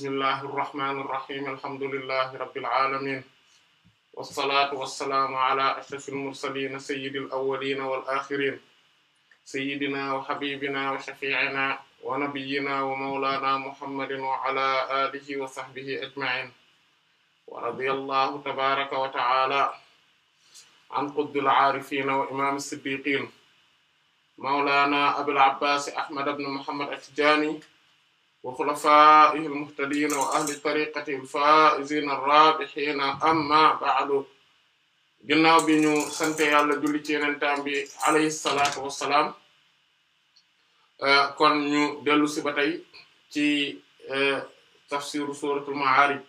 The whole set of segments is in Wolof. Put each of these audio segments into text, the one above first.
bismillahi irrahmani irrahim alhamdulillahi rabbil alamin wassalatu wassalaamu ala ashrafil mursalin sayyidil awwalin wal akhirin sayyidina wa habibina wa shafi'ina wa nabiyyina wa mawlana muhammadin wa ala alihi wa sahbihi ajma'in wa radiyallahu tabaraka wa ta'ala an qutbil aarifina wa imam as-siddiqin mawlana abul abbas ahmad ibn muhammad at-tijani wa xulafaa'ihi al-muhtadiina ahli tariqatihi al-faa'iziina ar-raabihiina amma ba'du ginnaaw bi ñu sante yàlla julli ci yenentaam bi alayhi salaatu wassalaam eh, kon ñu dellu si ci eh, tafsiru suratul ma'aarij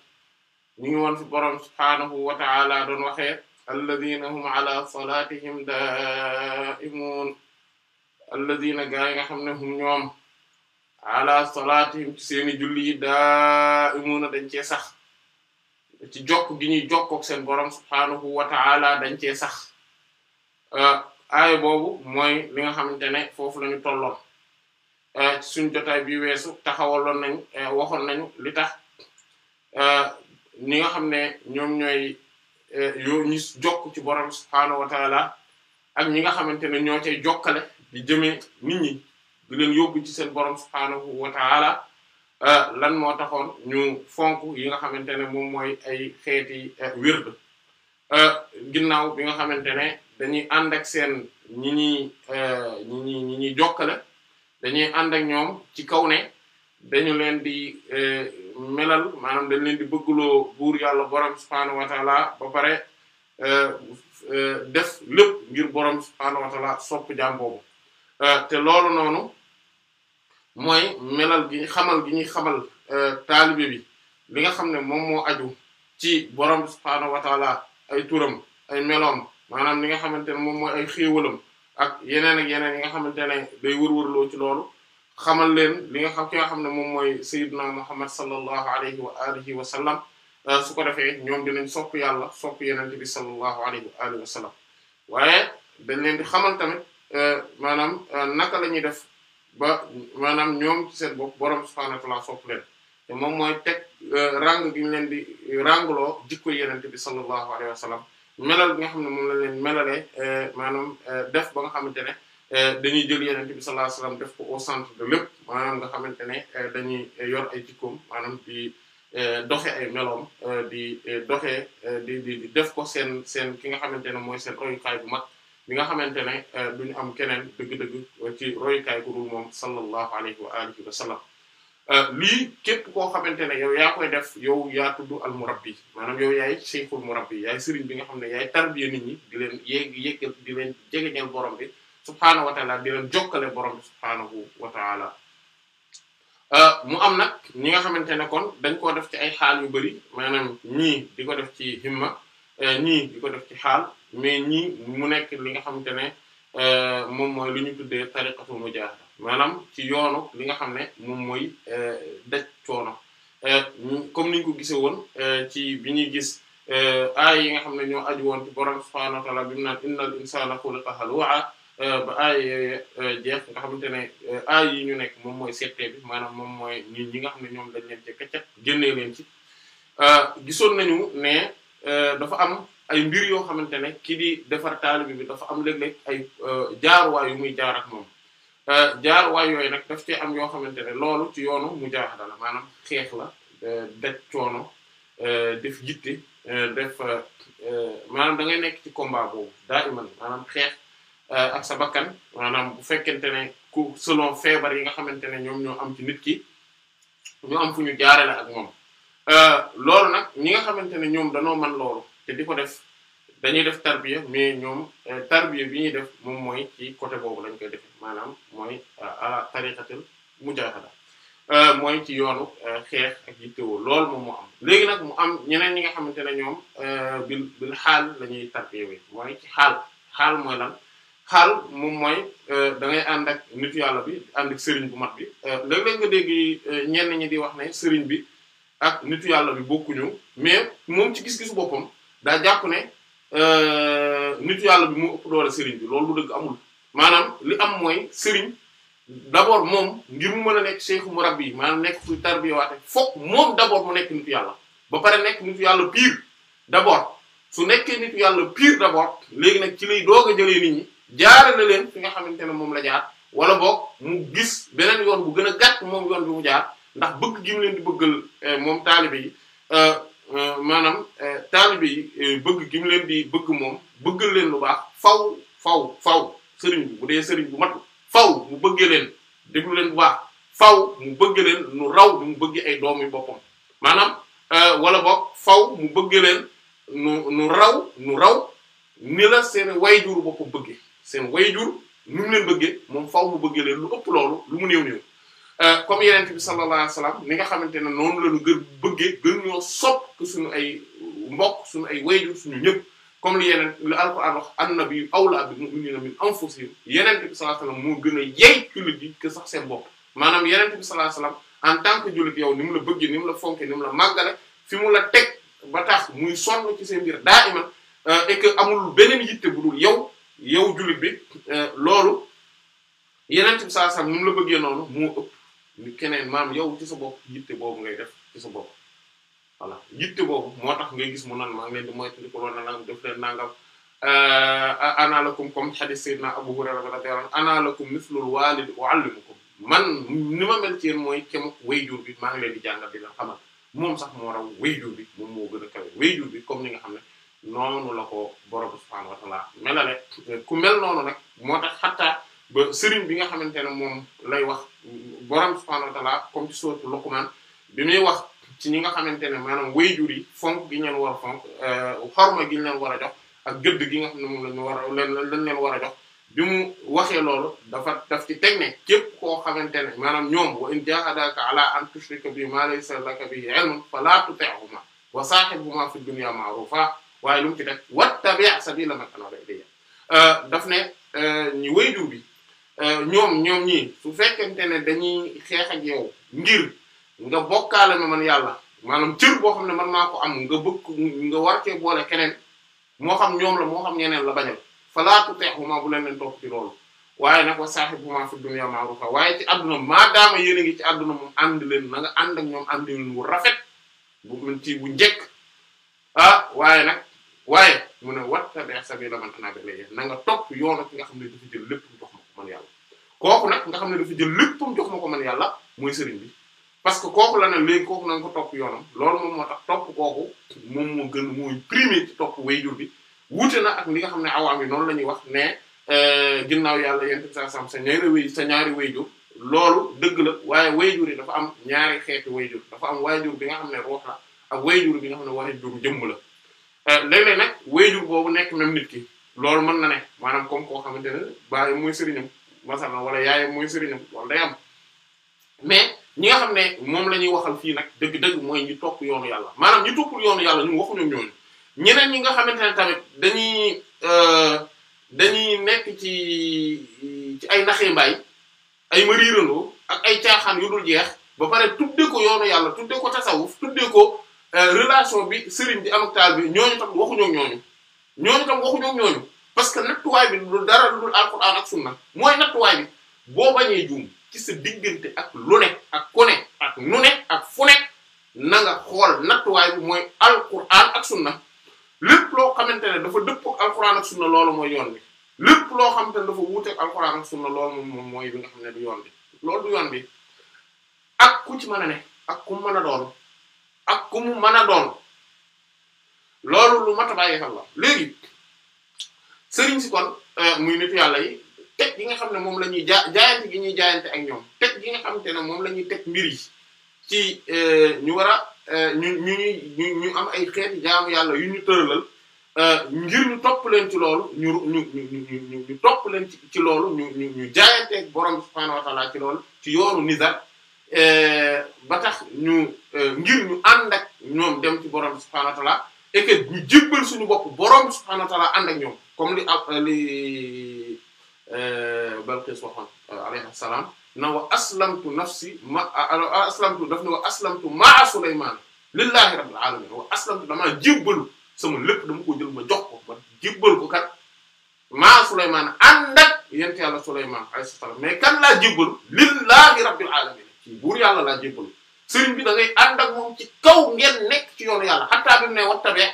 ñu ngi woon fi subhaanahu wa ta'aala doon waxee alladhiina hum ala salaatihim daa'imuun alladhiina gaa yi nga xam ne hum ñoom ala salaatihim ci seeni julli yi daa imuuna dañ cee sax ci jokk gi ñuy jokkook seen borom subhaanahu wa ta'ala dañ cee sax euh, aaya boobu mooy li nga xamante ne foofu la ñu tolloon euh, suñ jotaay bi weesu taxawaloon nañ euh, waxoon nañu li tax ñi nga xam ne ñoom ñooy yoo jokk ci borom subhaanahu wa ak ñi nga xamante ne ñoo cay jokkale di jëme nit di leen yóbbu ci seen borom subhaanahu wa ta'ala euh, lan moo taxoon ñu fonk yi nga xamante ne moom mooy ay xeeti euh, wird euh, ginnaaw bi nga xamante ne dañuy ànd seen ñi ñi ñi ñi ñi ñuy jokkale dañuy ànd ak ñoom ci kaw ne dañu leen di melal maanaam dañu leen di bëggloo buur yàlla borom subhaanahu wa ta'ala ba pare def lépp ngir borom subhaanahu wa ta'ala sopp jaam boobu te loolu noonu mooy melal gi xamal gi ñuy xamal euh, taalibe bi li nga xam ne moom moo aju ci borom subhaanahu wa ay turam ay meloom maanaam li nga xamante ne moom mooy ay xéewalam ak yeneen ak yi nga xamante ne day ci loolu xamal leen li nga xam ki nga ne moom mooy sayyidna muhammad sallallahu alayhi wa alihi wa sallam euh, su ko defee ñoom dinañ sopp yàlla sopp yeneen bi sallallahu alayhi wa alihi wa sallam waaye dañ leen di xamal tamit euh, maanaam naka la ñuy def ba maanaam ñoom ci seen bopp borom subhaanahu wa ta'aala sopp leen te moom mooy teg euh, ràng gi ñu leen di rangloo jikko yenente bi sallallahu alayhi wa melal bi nga xam ne moom la leen melalee euh, maanaam euh, def ba nga xamante ne dañuy jël yenente bi sallallahu alayhi def ko au centre de lépp maanaam nga xamante ne dañuy yor ay jikkoom maanaam di doxe ay meloom di doxe di di def ko seen seen ki nga xamante ne mooy seen royukaay bu mag li nga xamante ne euh, du ñu am keneen dëgg-dëgg ci royukaay ku dul moom sallallahu alayhi wa alihi wa sallam euh, lii képp koo xamante ne yow yaa koy def yow yaa tudd al murabbi maanaam yow yaay murabbi yaay sëriñ bi nga xam ne yaay tarbiya nit ñi di leen yéeg yéegal di bi subhaanahu wa taala di leen jokkale borom bi subhaanahu wa taala euh, mu am nag ñi nga xamante ne kon dañ koo def ci ay xaal yu bari maanaam ñii di ko def ci himma Euh, ñii di ko def ci xaal mais ñii mu nekk li nga xamante ne euh, moom mooy lu ñu tuddee tariqatul mujahada maanaam ci yoonu li nga xam ne moom mooy euh, daj coono comme niñ ko gisee woon ci bi ñuy gis aay yi nga xam ne ñoo aj woon ci borom subhaanahu wa ta'aala bi mu naan innal insaana xuliqa haluu'a ba aay jeex nga xamante ne aay yi ñu nekk moom mooy secte bi maanaam moom mooy ñi ñi nga xam ne ñoom lañ leen ci kaccat génnee leen ci gisoon nañu ne Euh, dafa am ay mbir yoo xamante ne ki di defar taalibe bi dafa am léeg-léeg ay euh, jaaruwaay yu muy jaar ak moom euh, jaaruwaay yooyu nag daf cee am yoo xamante ne loolu ci yoonu mu jaaxada la maanaam xeex la daj coono def jitte def maanaam da nekk ci combat boobu daa iman maanaam xeex ak sa bakkan maanaam bu fekkente ne ku selon feebar yi nga xamante ne ñoom ñoo am ci nit ki ñu am fu ñu jaarale ak moom Euh, loolu nag ñi nga xamante ne ñoom danoo man loolu te di ko def dañuy def tarbiya mais ñoom euh, tarbiya bi ñuy def moom mooy ci côté boobu lañ koy def maanaam mooy ala euh, tariqatul mujahada mooy ci yoonu xeex ak yittewoo léegi nag mu am ñeneen ñi nga xamante ne ñoom bil xaal la ñuy tarbiya wi mooy ci xaal xaal mooy lan xaal moom mooy da ngay ànd ak nitu yàlla bi ànd ak sëriñ bu mat bi léeg-léeg nga dégg ñenn ñi di wax na sëriñ bi ak ah, nitu yàlla bi bokkuñu mais moom ci gis-gisu boppam daa jàpp ne euh, nitu yàlla bi mu ëpp doole sëriñ bi loolu lu dëgg amul maanaam li am mooy sëriñ d'abord moom ngir mu ma la nekk mu cheikh yi maanaam nekk kuy tarbiyawaate fokk moom d'abord mu nekk nitu yàlla ba pare nekk nitu yàlla pire d'abord su nekkee nitu yàlla pire d'abord léegi nag ci lay doog a jëlee nit ñi jaare na leen fi nga xamante ne moom la jaar wala boog mu gis beneen yoon bu gën a gàtt moom yoon bi mu jaar ndax bëgg gim leen di bëggal moom taalibe yi maanaam taalibe yi bëgg gi mu leen bëgg moom bëggal leen lu baax faw faw faw sëriñ bi bu dee sëriñ bu mat faw mu bëggee leen déglu leen bu baax faw mu bëggee leen nu raw bi mu bëggee ay doomi boppam maanaam eh, wala boog faw mu bëggee leen nu nu raw nu raw ni la seen wayjur boppam bëggee seen wayjur nu mu leen bëggee moom faw mu bëggee lu ëpp loolu lu mu néew néew Euh, comme yeneen bi sallallahu alayhi wa sallam ni nga xamante ne noonu la ñu gën bëggee gën ñoo sopp suñu ay mbokk suñu ay wayjur suñu ñëpp comme li yeneen lu alquran wax annabiyyu awlaa bil mu'minina min anfusihim yeneen bi sallallahu alayhi wa sallam moo gën a yey jullit yi que sax seen bopp maanaam yeneen bi sallallahu alayhi wa sallam en tant que jullit yow ni mu la bëggee ni mu la fonke ni mu la màggale fi mu la teg ba tax muy sonn ci seen mbir daa iman euh, et que amul beneen yitte bu dul yow yow jullit bi euh, loolu yeneen bi sallallahu alayhi wa sallam ni mu la bëggee noonu moo ëpp ni keneen maanaam yow ci sa yitte boobu ngay def ci sa bopp voilà yitte boobu moo tax ngay gis mu nan maa leen di na nangam def leen nangam euh, ana lakum comme hadith sayyidina Abu Hurayra radiyallahu anhu ana lakum mithlul walid uallimukum man ni ma mel ci yéen mooy kemu bi maa ngi leen di jàngal di leen xamal moom sax moo raw bi moom moo gën bi comme ni nga xam ne noonu la ko borom subhaanahu wa ta'aala melale ku mel noonu nag moo tax xataa ba bi nga xamante ne moom lay wax borom subhaanahu wa ta'aala comme ci sourate Luqman bi muy wax ci ñi nga xamante ne maanaam wayjur yi fonk gi ñu leen war a fonk euh, xorma gi ñu leen war a jox ak gëdd gi nga xam ne moom lañu war a lañ leen war a jox bi mu waxee loolu dafa daf ci teg ne képp koo xamante ne maanaam ñoom wa in jaahadaaka alaa an tushrika bi maa laysa laka bihi ilmun falaa tuti'humaa wa saahibhumaa fid dunyaa ma'ruufaa waaye lu mu ci def wattabi' sabiila man anaaba ilayhi euh, daf ne euh, ñu wayjur bi Euh, ñoom ñoom ñii su fekkente ne dañuy xeex yow ngir nga bokkaale ma man yàlla maanaam cër boo xam ne man maa am nga bëgg nga war cee boole keneen moo xam ñoom la moo xam ñeneen la bañal falaa tuti'humaa bu leen leen topp ci loolu waaye nag wa saahibuhumaa fi dunyaa ma'ruufa waaye ci àdduna maadaama yéen a ngi ci àdduna moom ànd leen na ànd ak ñoom ànd leen rafet bu mën bu njëkk ah waaye nag waaye mu ne wattabi' sabiila man anaaba ilayya na nga topp yoon ak nga xam ne dafa jël lépp kooku nag nga xam ne dafa jël léppam jox ma ko man yàlla mooy sëriñ bi parce que kooku la ne léegi kooku na nga ko topp yoonam loolu moom moo tax topp kooku moom moo gën mooy primé ci topp wayjur bi wuute na ak li nga xam ne awaam yi noonu la ñuy wax ne euh, ginnaaw yàlla yent bi sallallahu alayhi wasallam sa ñaari way sa ñaari loolu dëgg la waaye wayjur yi dafa am ñaari xeeti wayjur dafa am wayjur bi nga xam ne ruux la ak wayjur bi nga xam ne wayjur jëmm la euh, léeg-léeg nag wayjur boobu nekk même nit ki loolu mën na ne maanaam comme koo xamante ne bàyyi mooy sëriñam masalan wala yaayam mooy sëriñam loolu day am mais ñi nga xam ne moom la ñuy waxal fii nag dëgg-dëgg mooy ñu topp yoonu yàlla maanaam ñu toppul yoonu yàlla ñu waxuñu ñooñu ñeneen ñi nga xamante ne tamit dañuy euh, dañuy nekk ci ay naxee ay ma mariirandoo ak ay caaxaan yu dul jeex ba pare tuddee ko yoonu yàlla tuddee ko tasawuf tuddee ko euh, relation bi sëriñ bi am ak taal bi ñooñu tam waxuñoo ñooñu ñooñu tam waxuñoo ñooñu parce que nattuwaay bi lu dara lu dul alquran ak sunna mooy nattuwaay bi boo bañee juum ci sa diggante ak lu ne ak ku ne ak nu ne ak fu ne xool nattuwaay bi mooy alquran ak sunna loo xamante ne dafa dëppoo ak alquran loolu mooy yoon bi lépp loo xamante ne dafa wuuteeg alquran ak sunna loolu moom mooy bi nga xam ne du yoon bi loolu du yoon bi ak ku ci mën a ne ak ku mu mën a doon ak ku mu mën a loolu lu mat a bàyyi la léegi. sëriñ si kon euh, muy nitu yàlla yi teg gi nga xam ne moom la ñuy jaa jaayante gi ñuy jaayante ak ñoom teg gi nga xamante ne moom la ñuy teg mbir yi ci euh, ñu war a euh, ñu ñu ñu ñu am ay xeeti jaamu yàlla yu ñu tëralal ngir ñu topp leen ci loolu ñu ñu ñu leen ci ci loolu ñu ñu ñu jaayante ak borom subhaanahu wa ci loolu ci yoonu nizar ba tax ñu ngir ñu ànd ak ñoom dem ci borom subhaanahu wa ta'ala et ñu jébbal suñu bopp borom subhaanahu wa ta'ala ànd ak ñoom. comme li a li euh, Balqis waxoon euh, alayhi salaam na wa aslamtu nafsi ma aslamtu daf ne wa aslamtu ma'a Sulaymaan lillahi rabbil alamin wa aslamtu damaa jébbalu sama lépp dama ko jël ma jox ko ma jébbal ko kat ma'a Sulaymaan ànd ak yent yàlla Sulaymaan alayhi salaam mais kan laa jébbalu lillahi rabbil alamin ci buur yàlla laa jébbalu sëriñ bi da ngay ànd ak moom ci kaw ngeen nekk ci yoonu yàlla xattaa bi mu ne wattabee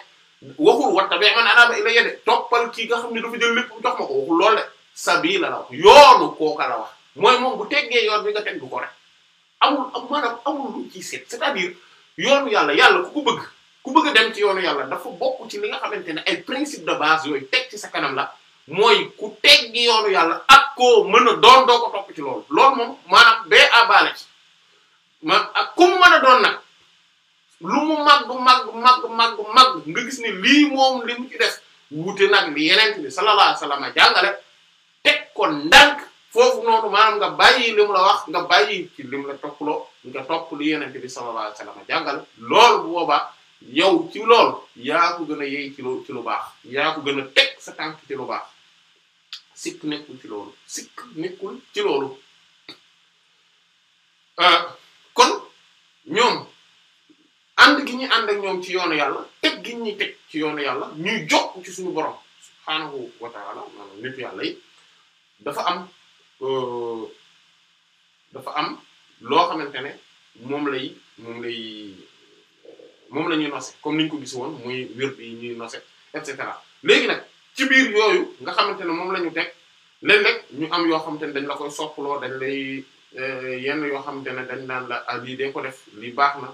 waxul watta bee man anaaba ilayya de toppal kii nga xam ne dafa jël lépp jox ma ko waxul loolu de sabila la wax yoonu kooka wax mooy moom bu teggee yoon bi nga teg du ko rek am maanaam amul lu ciy seet c'est-à-dire yoonu yàlla yàlla ku ko bëgg ku bëgg a dem ci yoonu yàlla dafa bokk ci li nga xamante ne ay principe de base yooyu teg ci sa kanam la mooy ku teggi yoonu yàlla ak koo mën a doon doo ko topp ci loolu loolu moom maanaam bee abaale ci ma ak ku doon nag lu mu màgg mag màgg màgg màgg nga gis ne lii moom li mu ci def wuute nag li yeneen bi sallallahu alayhi wasallam jàngale teg ko ndànk foofu noonu maanaam nga bàyyi li mu la wax nga bàyyi ci lim la nga topp yeneen bi sallallahu alayhi wasallam jàngale loolu bu boobaa yow ci lool yaa ko gën a yey ci lu baax yaa ko gën a teg sa tànk ci lu baax sikk nekkul ci loolu sikk nekkul ci loolu euh, kon ñoom ànd gi ñuy ànd ñoom ci yoonu yàlla teg gi ñuy teg ci yoonu yàlla ñuy jox ci suñu borom subhaanahu wa taala maanaam nitu yàlla yi dafa am euh, dafa am loo xamante ne moom lay moom lay moom lañuy ñuy comme niñ ko gis woon muy wird yi ñuy nose et cetera léegi nag ci biir yooyu nga xamante ne moom lañu ñu teg léeg-léeg ñu am yoo xamante ne dañ la koy soppaloo dañ lay euh, yenn yoo xamante ne dañ naan la ah, lii dee ko def lii baax na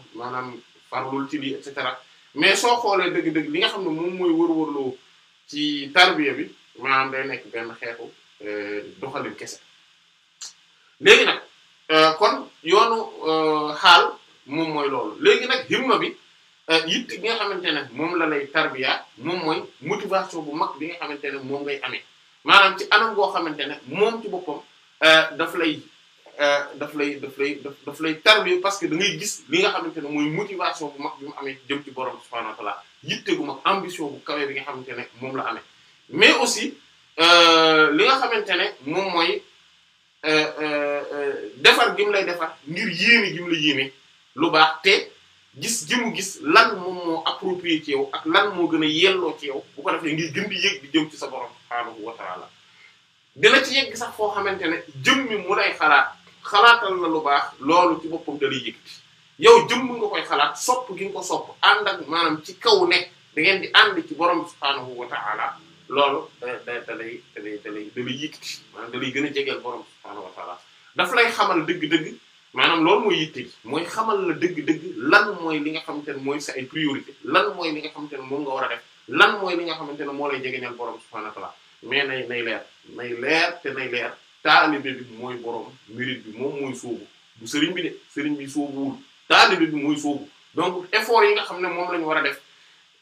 parlul ci lii et cetera mais soo xoolee dëgg-dëgg li nga xam ne moom mooy wër-wërloo ci tarbiya bi maanaam day nekk benn xeetu euh, doxalin kese léegi nag euh, kon yoonu euh, xaal moom mooy loolu léegi nag himma bi yitti bi nga xamante ne moom la lay tarbiya moom mooy motivation bu mag bi nga xamante ne moom ngay amee maanaam ci anam boo xamante ne moom ci boppam daf lay Euh, daf lay daf daf lay tarbi parce que da gis li nga xamante ne mooy motivation bu mag bi mu amee jëm ci borom subhaanahu wa ta'ala gu mag ambition bu kawe bi nga xamante ne moom la amee mais aussi euh, li nga xamante ne moom mooy euh, defar gi mu lay defar ngir yéeme gi la yéeme lu baax te gis jëmu gis lan moom moo approprié ci yow ak lan moo gën a yelloo ci yow bu ko defee ngir gën di yéeg di jëm ci sa borom subhaanahu wa ta'ala dina ci yegg sax foo xamante ne jëm mi mu lay xalaat. xalaatal la lu baax loolu ci boppam da lay yëkkati yow jëmm nga koy xalaat sopp gi ko sopp ànd maanaam ci kaw nekk da ngeen di ànd ci borom bi subhaanahu wa ta'ala loolu da da da lay da lay da lay da lay gën a jegeel borom bi subhaanahu wa daf lay xamal dëgg-dëgg maanaam loolu mooy yitte gi mooy xamal la dëgg-dëgg lan mooy li nga xamante ne mooy sa ay priorité lan mooy li nga xamante ne moom nga war a def lan mooy li nga xamante ne moo lay jege jegeñal borom subhaanahu wa ta'ala mais nay nay leer nay leer te nay leer taalibe bi mooy borom mérite bi moom mooy sóobu bu sëriñ bi de sëriñ bi sóobuwul taalibe bi mooy sóobu donc effort yi nga xam ne moom lañu ñu war a def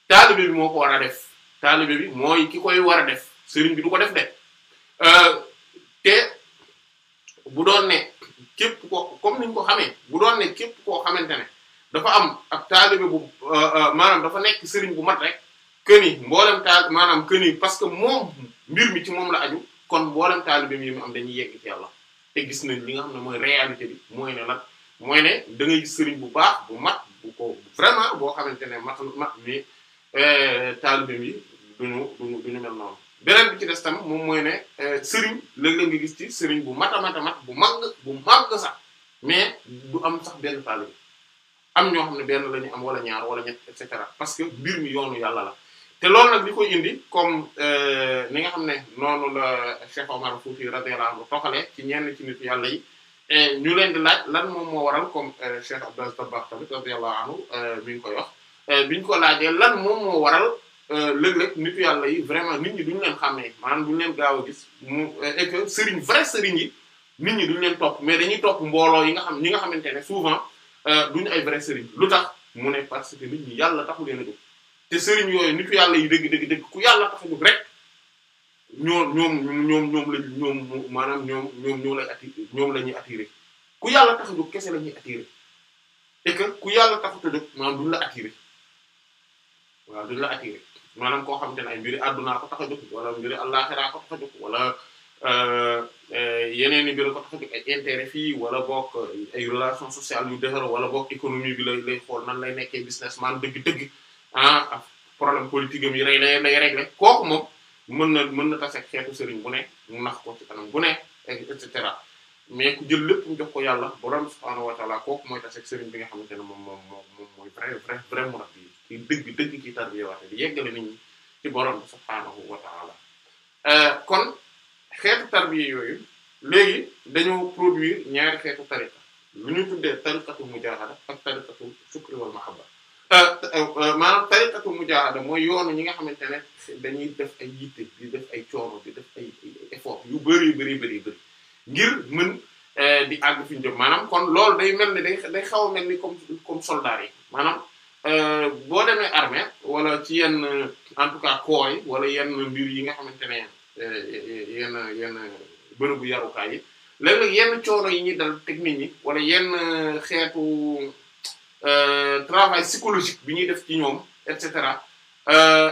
taalibe bi moo ko war a def taalibe bi mooy ki koy war a def sëriñ bi du ko def de euh, te bu doon ne képp ko comme niñ ko xamee bu doon ne képp koo xamante ne dafa am ak taalibe bu euh, euh, maanaam dafa nekk sëriñ bu mat rek que ni mboolem taal maanaam que ni parce que moom mbir mi ci moom la aju kon mboolem taalibeem yi mu am dañuy yegg ci yàlla te gis nañ li nga xam ne mooy réalité bi mooy ne nag mooy ne da ngay sëriñ bu baax bu mat bu ko vraiment boo xamante ne mat mat mais euh, taalibeem yi duñu duñu duñu mel noonu. beneen bi ci des moom mooy ne euh, sëriñ léeg-léeg nga gis ci sëriñ bu mat a mat bu màgg bu màgg sax mais du am sax benn taalibe am ñoo xam ne benn la am wala ñaar wala ñett et cetera parce que mbir mi yoonu yàlla la. te loolu nag li koy indi comme euh, ni nga xam ne noonu la Cheikh Omar Fouti radiyallahu anhu toxalee ci ñenn ci nit yàlla yi ñu leen di laaj lan moom moo waral comme euh, Cheikh Abdou Aziz Dabakh tamit radiyallahu anhu euh, mi ngi koy wax biñ ko laajee lan moom moo waral léeg-léeg nit yàlla yi vraiment nit ñi duñu leen xàmmee maanaam duñu leen gaaw a gis mu et sëriñ vrai sëriñ yi nit ñi duñu leen topp mais dañuy topp mbooloo yi nga xam ñi nga xamante ne souvent duñ ay vrai lu tax mu ne parce que yàlla taxu leen te sëriñ yooyu nitu yàlla yi dëgg dëgg dëgg ku yàlla tax ñu rek ñoo ñoom ñoom ñoom ñoom maanaam ñoom ñoom ñoo ñoom la ñuy attiré ku yàlla kese lañuy ñuy attiré et ku yàlla taxut a jóg maanaam duñ la attiré waaw duñ la attiré maanaam koo xamante ne ay mbiri àdduna ko tax a jóg wala mbiri àllaaxira ko tax a jóg wala euh, yeneen i mbir ko tax a jóg ay intérêt fii wala boog ay relation sociale yu dëgër wala boog économie bi lay lay xool nan lay nekkee businessman dëgg-dëgg ah problème politique am yi rek lay lay régler kooku moom mën na mën na tase xeetu sëriñ bu ne mu nax ko ci anam bu ne et cetera mais ku jël lépp mu jox ko yàlla borom subhaanahu wa ta'ala kooku mooy tase sëriñ bi nga xamante ne moom moom moom mooy vrai vrai vrai mu rabbi kii dëgg dëgg kii tarbiya waate di yeggale nit ñi ci borom subhaanahu wa ta'ala euh, kon xeetu tarbiya yooyu léegi dañoo produire ñaari xeetu tariqa lu ñu tuddee tariqatu mujaahada ak tariqatu shukri wal mahabba Euh, maanaam tariqatu mujaahada mooy yoonu ñi nga xamante ne dañuy def ay yitte di def ay coono di def ay effort yu bari bari bari ngir mën euh, di àgg fi ñu maanaam kon lool day mel ni day day xaw a mel ni comme comme soldat yi maanaam euh, boo demee armée wala ci yenn en tout cas yi wala yenn mbir yi nga xamante ne yenn yenn bu yarukaay yi léeg-léeg yenn coono yi ñuy dal technique yi wala yenn xeetu. Euh, travail psychologique bi ñuy def ci ñoom et cetera euh,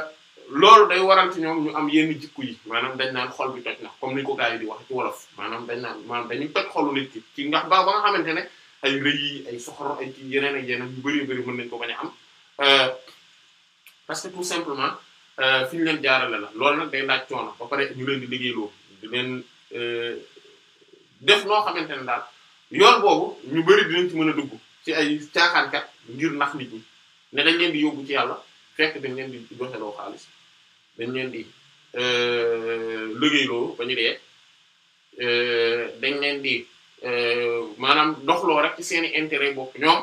loolu day waral ci ñoom ñu am yenn jikku yi maanaam dañ naan xol bi toj na comme ni ko gars di wax ci wolof maanaam dañ naan maanaam dañuy toj xolu nit ki ci ndax ba ba nga xamante ne ay rëy yi ay soxor ay ci yeneen ak yeneen yu bari bari mën nañ ko bañ a am euh, parce que tout simplement fi leen jaarale la loolu nag day laaj coono ba pare ñu leen di liggéeyloo di leen def noo xamante ne daal yoon boobu ñu bari mën a dugg. ci ay caaxaankat ngir nax nit ñi ne dañ leen di yóbbu ci yàlla fekk dañ leen di doxeloo xaalis dañ leen di euh, liggéeyloo ba ñu euh, dañ leen di euh, maanaam doxloo rek ci seeni intérêt bopp ñoom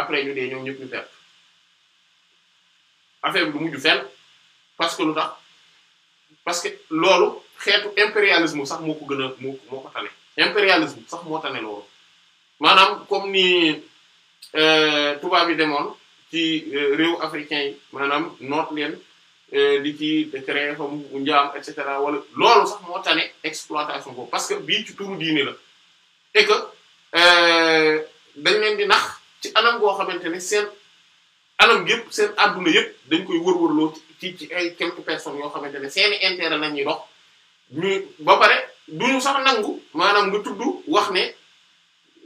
après ñu dee ñoom ñëpp ñu perte affaire bi du mujj fenn parce que lu tax parce que loolu xeetu impérialisme sax moo ko gën a moo moo ko tane impérialisme sax moo tane loolu maanaam comme ni euh, tubaab yi demoon ci euh, réew africain yi maanaam noot leen euh, di ci créer xam njaam et cetera wala lool sax moo tane exploitation boobu parce que bii ci turu diini la et que dañ leen di nax ci anam goo xamante ne seen anam yëpp seen adduna yëpp dañ koy wër-wërloo ci ci ay quelques personnes yoo xamante ne seeni intérêt la ñuy dox ñu ba pare duñu sax nangu maanaam nga tudd wax ne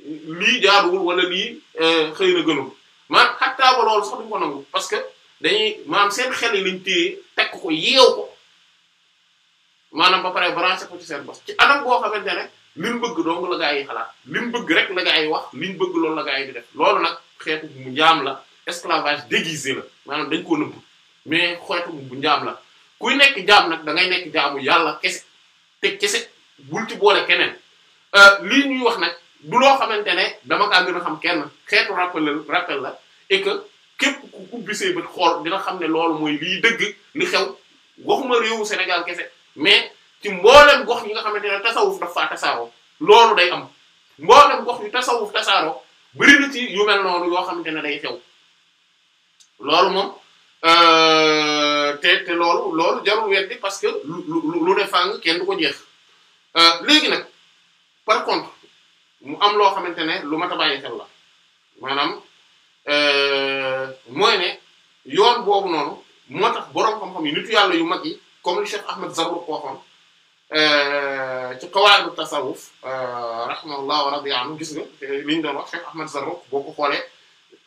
lii jaaduwul wala lii euh, xëy na gënul man xattaa ba loolu sax duñ ko nangu parce que dañuy maanaam seen xel yi lañ téye ko yeew ko maanaam ba pare branché ko ci seen bos ci anam boo xamante ne liñ bëgg dong la gaa xalaat liñ bëgg rek la gaa wax liñ bëgg loolu la gaa yi di def loolu nag xeetu bu njaam la esclavage déguisé la maanaam dañ koo nëbb mais xeetu bu njaam la kuy nekk jaam nag da ngay nekk jaamu yàlla kese te kese bul ci boole keneen euh, lii ñuy wax nag. du loo xamante ne dama kaa gën a xam kenn xeetu rappel la rappel la et que képp ku ubbi bët xool dina xam ne loolu mooy liy dëgg li xew waxuma réewu Sénégal kese mais ci mboolem gox yi nga xamante ne tasawuf daf faa tasaaroo loolu day am mboolem gox yu tasawuf tasaaroo bari na ci yu mel noonu yoo xamante ne day xew loolu moom euh, te te loolu loolu jarul weddi parce que lu lu lu ne kenn du ko jeex euh, léegi nag par contre. mu am loo xamante ne lu mat a bàyyi xel la maanaam euh, mooy ne yoon boobu noonu moo tax boroom xam-xam yi nitu yàlla yu mag yi comme li Cheikh Ahmed Zarruq waxoon euh, ci qawaaidu tasawuf euh, rahimahullah wa radiya anhu gis nga li doon wax Cheikh Ahmed Zarruq boo ko xoolee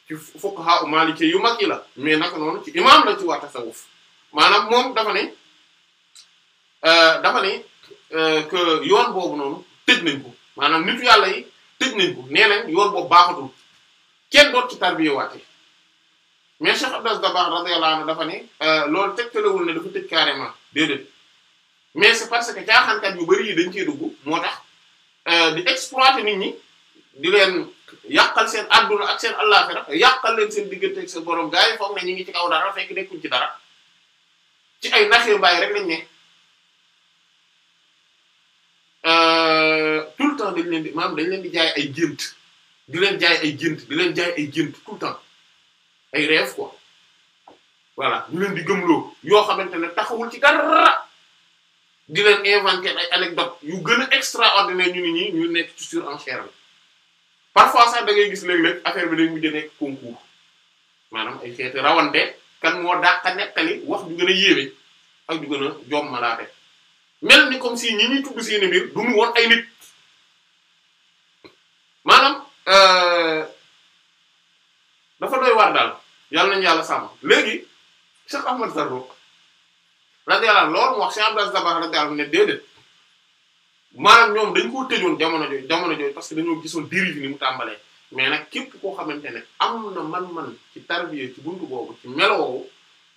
ci fuqaha u maliki yu mag yi la mais naka noonu ci imam la ci waa tasawuf maanaam moom dafa ne dafa ne que yoon boobu noonu tëj nañ maanaam nitu yàlla yi tëj nañ ko nee nañ yoon boobu baaxatul kenn doot ci tarbiyewaate mais Cheikh Abdou Dabakh radiyallahu anhu dafa ne euh, loolu tegtalewul ne dafa tëj carrément déedéet mais c'est parce que caaxaankat yu bari yi dañ cee dugg moo tax euh, di exploiter nit ñi di leen yàqal seen adduna ak seen àllaxira yàqal leen seen diggante ak seen borom gars yi foog na ñu ngi ci kaw dara fekk nekkuñ ci dara ci ay naxee rek lañ ne. Euh, Euh, tout le temps dañ leen di dañ leen jaay ay gént di leen jaay ay gént di tout le temps ay rêve quoi voilà ñu leen di gëmloo yoo xamante ne taxawul ci dara di leen inventer ay anecdote yu gën a extraordinaire ñu nit ñi ñu nekk ci surenchère la parfois sax da gis léeg-léeg affaire bi day mujj nekk concours maanaam ay xeeti rawante kan moo dàq nettali wax ju gën a yéeme ak ju gën a mel ni comme si ñi ñuy tudd seeni mbir du ñu woon ay nit maanaam euh, dafa doy waar daal yàlla nañ yàlla sàmm léegi Cheikh Ahmad Zarruq radiyallahu loolu mu wax Cheikh Abdel Zabar radiyallahu ne déedéet maanaam ñoom dañ koo tëjoon jamono jooju jamono jooy parce que dañoo gisoon dérive ni mu tàmbalee mais nag képp koo xamante ne am na man-man ci tarbiya ci buntu boobu ci melowoowu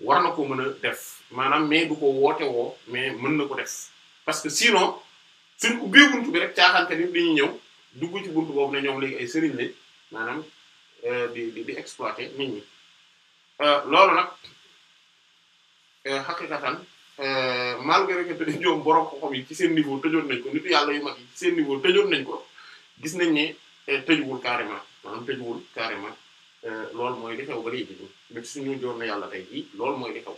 war na koo mën a def maanaam mais du ko woote mais mën na ko des parce que sinon si ubbee buntu bi rek caaxaante nit dañuy ñëw dugg ci buntu boobu ne ñoom léegi ay sëriñ lañ maanaam euh, di di di nit ñi euh, loolu nag euh, xaqiqatan malgré que te ñoom xoxom yi ci seen niveau tëjoon nañ ko nitu yàlla yu mag yi ci seen niveau tëjoon nañ ko gis nañ ni tëjuwul carrément maanaam tëjuwul carrément loolu mooy li xew ba léegi ba ci suñu joor na yàlla tey jii loolu mooy li xew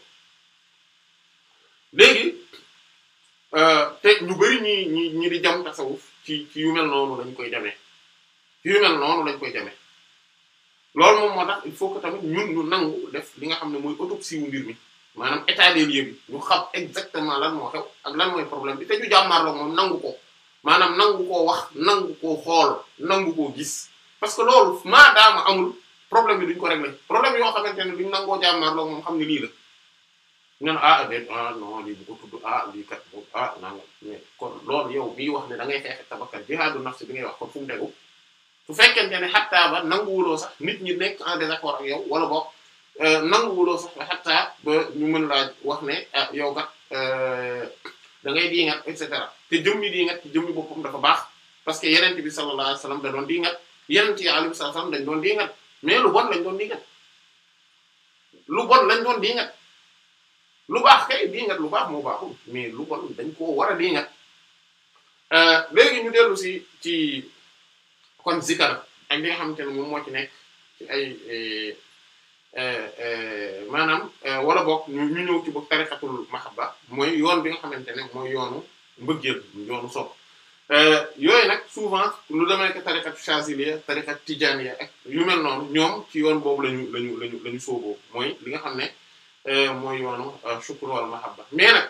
Euh, te ñu bëri ñi ñi ñi di jam tasawuf ci ci yu mel noonu lañ koy jamee ci yu lañ koy jamee loolu moom moo tax il faut que tamit ñun nangu def li nga xam ne mooy autopsie wu mbir mi maanaam état des lieux bi ñu xam exactement lan moo xew ak lan mooy problème bi te ñu jàmmaarloo moom nangu ko maanaam nangu koo wax nangu ko xool nangu koo gis parce que loolu maa daama amul problème bi duñ ko régler problème yoo xamante ne duñ nangoo jàmmaarloo moom xam ne lii la ñu ne ah, ah déet ah non ko tudd ah, ah, yow bii wax ne da ngay xeex tabakat jihaadu bi ngay wax kon fu mu tegu su fekkente ne xattaa ba nanguwuloo sax nit ñi nekk en désaccord ak yow wala boog euh, nanguwuloo sax ba ñu mën laa wax ne ah yow kat euh, da ngay diingat et cetera te jëmmi diingat ci jëmmi boppam dafa baax parce que yenent bi sallallahu alayhi wasallam da doon diingat yen yi alayhi wasallam dañ doon diingat mais lu lañ doon diingat lu bon lañ doon lu baax kay lii nga lu baax moo baaxul mais lu bon dañ koo war a lii nga euh, léegi ñu dellu si ci kon zikar ak li nga xamante ne moom moo ci nekk ci ay euh, euh, maanaam wala bokk ñu ñëw ci boog tariqatul mahabba mooy yoon bi nga xamante ne mooy yoonu mbëggeel yoonu sopp yooyu nag souvent lu demee nekk tariqat chaziliya tariqat tijaniya ak yu mel noonu ñoom ci yoon boobu lañu lañu lañu la ñu sooboo mooy li nga xam ne Eh, mooy yoonu eh, shukr ma mahabba mais nag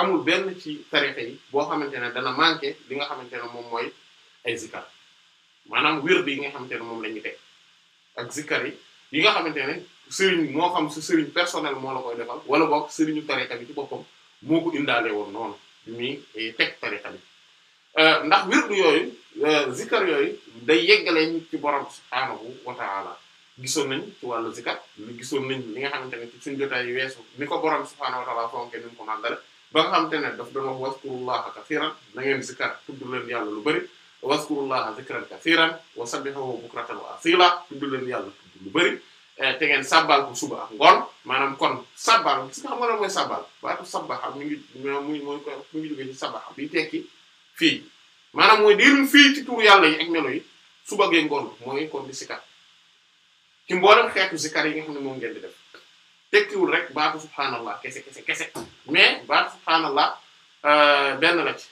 amul benn ci tarixa yi boo xamante ne dana manqué li nga xamante ne moom mooy ay zikar maanaam wird yi nga xamante ne moom la teg ak zikar yi yi nga xamante ne sëriñ moo xam su sëriñ personnel moo la koy defal wala boog sëriñu tarixa bi ci boppam moo ko indaale woon noonu mi eh, teg tarixa bi ndax wird yooyu zikar yooyu day yeggale nit ci borom subhaanahu wa ta'ala gisoon nañ ci wàllu zikar mi gisoon nañ li nga xamante ne ci suñu jotaay yu weesu ni ko borom subhaanahu wa ta'aala fonke ni mu ko màggale ba nga xamante ne daf doon wax waskurullaha kathiran na ngeen zikar tudd leen yàlla lu bëri waskurullaha zikran kathiran wa sabbihuhu bukratan wa asila tudd leen yàlla lu bëri eh, te ngeen sabbal ko suba ak ngoon maanaam kon sabbal gis nga xam nga lan mooy sabbal baatu sabbaxa mu ngi muy mooy ko mu ngi jógee ci sabbaxa bi tekki fii maanaam mooy diirum fii ci turu yàlla yi ak melo yi suba ak ngoon ci mboolem xeetu zikar yi nga xam ne moom ngeen di def tekkiwul rek baatu subhaanallah kese kese kese mais baatu subhaanallah euh, benn la ci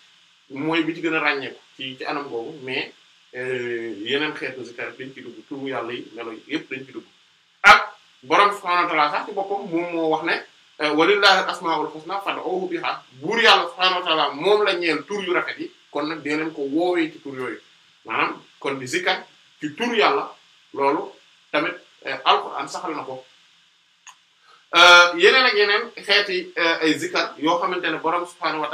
mooy bi ci gën a ràññeeku ci ci anam boobu mais euh, yeneen xeetu zikar dañ ci dugg yàlla yi melo yëpp dañ ci dugg ak borom subhaanahu wa ta'aala sax ci boppam moom moo wax ne euh, walillahi al-asmaa'ul husnaa fad'uuhu bihaa buur yàlla subhaanahu wa ta'aala moom la ñeel tur yu rafet yi kon nag dee ko woowee ci tur yooyu maanaam kon di zikar ci tur yàlla loolu tamit al alquran saxal na ko euh, yeneen ak yeneen xeeti euh, ay zikar yoo xamante ne borom subhaanahu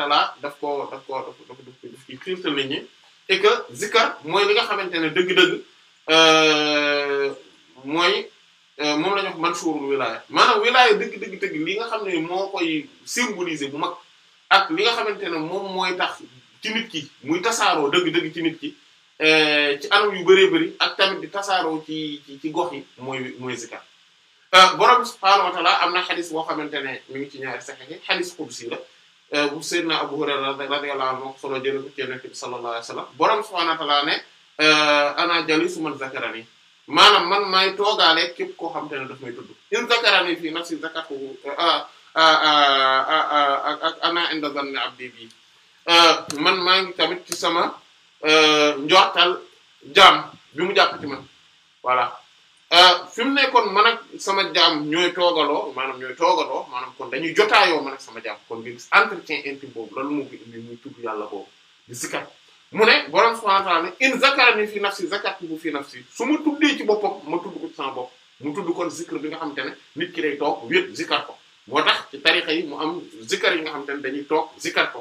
daf ko daf ko daf ko daf ko xiirtal nit ñi zikar mooy li nga xamante ne dëgg-dëgg euh, mooy moom la ñu wax manshurul wilaaya maanaam wilaaya dëgg-dëgg dëgg li nga xam ne moo koy bu mag ak li nga xamante ne moom mooy tax ci nit ki muy tasaaroo dëgg-dëgg ci nit ki Euh, ci anam yu bëree bëri ak tamit di tasaaroo ci ci gox yi mooy mooy euh, borom subhaanahu wa am na xadis boo xamante ne mi ngi ci ñaar saxex yi xadis qudsi la euh, bu Seydina Abu Hurayra radiyallahu anhu moo solo jëlee ko ci Yonent bi sallallahu alayhi wa sallam borom subhaanahu wa ne ana jalisu man zakarani maanaam man maay toogaale képp koo xamante ne daf may tudd in zakarani fii nafsi si ak ana inda zanni abdi man maa tamit ci sama. Euh, njortal jaam bi mu jàpp ci man voilà euh, fi mu nekkoon man ak sama jaam ñooy toogaloo maanaam ñooy toogaloo maanaam kon dañuy jotaayoo man ak sama jaam kon nga gis entretien intime boobu loolu moo ko indi muy yàlla boobu di sikkat mu ne borom subhanahu wa ta'ala ne in zakarani fi nafsi zakartuhu fi nafsi su ma tuddee ci boppam ma tudd ko ci sama bopp mu tudd kon zikr bi nga xamante ne nit ki day toog wéet zikar ko moo tax ci tarixa yi mu am zikar yi nga xamante ne dañuy toog zikar ko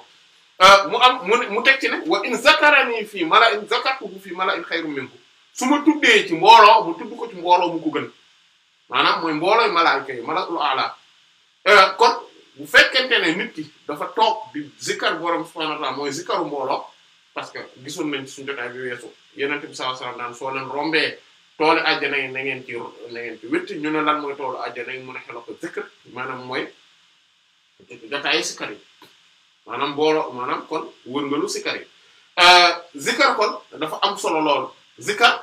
Euh, mu am mu mu teg ci ne wa in zakarani fii mala in zakartuhu fii mala in xayrum minhu su ma tuddee ci mbooloo mu tudd ko ci mbooloo mu ko gën maanaam mooy mboolooy malaayika yi malaa'ul a'la euh, kon bu fekkente ne nit ki dafa toog di zikkar borom subhaanahu wa ta'aala mooy mbooloo parce que gisoon nañ su suñu jotaay bi weesu yonent bi sallallahu alayhi wa sallam daan soo leen rombee toolu àjjana na ngeen ci na ngeen ñu ne lan mooy toolu àjjana yi mun a xelal ko zikr maanaam mooy jotaayu sikkar yi maanaam mbooloo maanaam kon wërngalu sikar yi euh, zikar kon dafa am solo lool zikar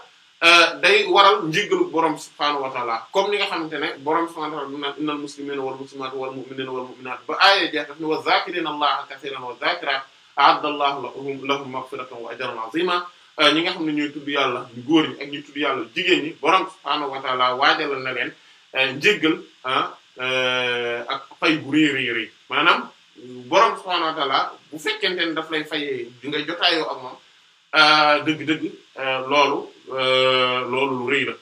euh, day waral njéggalu borom subhaanahu wa taala comme ni nga xamante ne borom subhaanahu wa taala dina innal muslimina wal muslimaat wal mu'minina wal mu'minaat ba aaya jeex daf ne wa zaakirina allaha kathiran wa zaakiraat a'adda allahu lahum lahum wa ajran azima euh, ñi nga xam ne ñooy tudd yàlla góor ñi ak ñuy tudd yàlla jigéen ñi borom subhaanahu wa taala waajalal na leen njéggal ah, ak fay bu rëy rëy rëy borom subhaanahu wa ta'aala bu fekkente ne daf lay fayee di ngay jotaayoo ak moom euh, dëgg-dëgg euh, loolu euh, loolu lu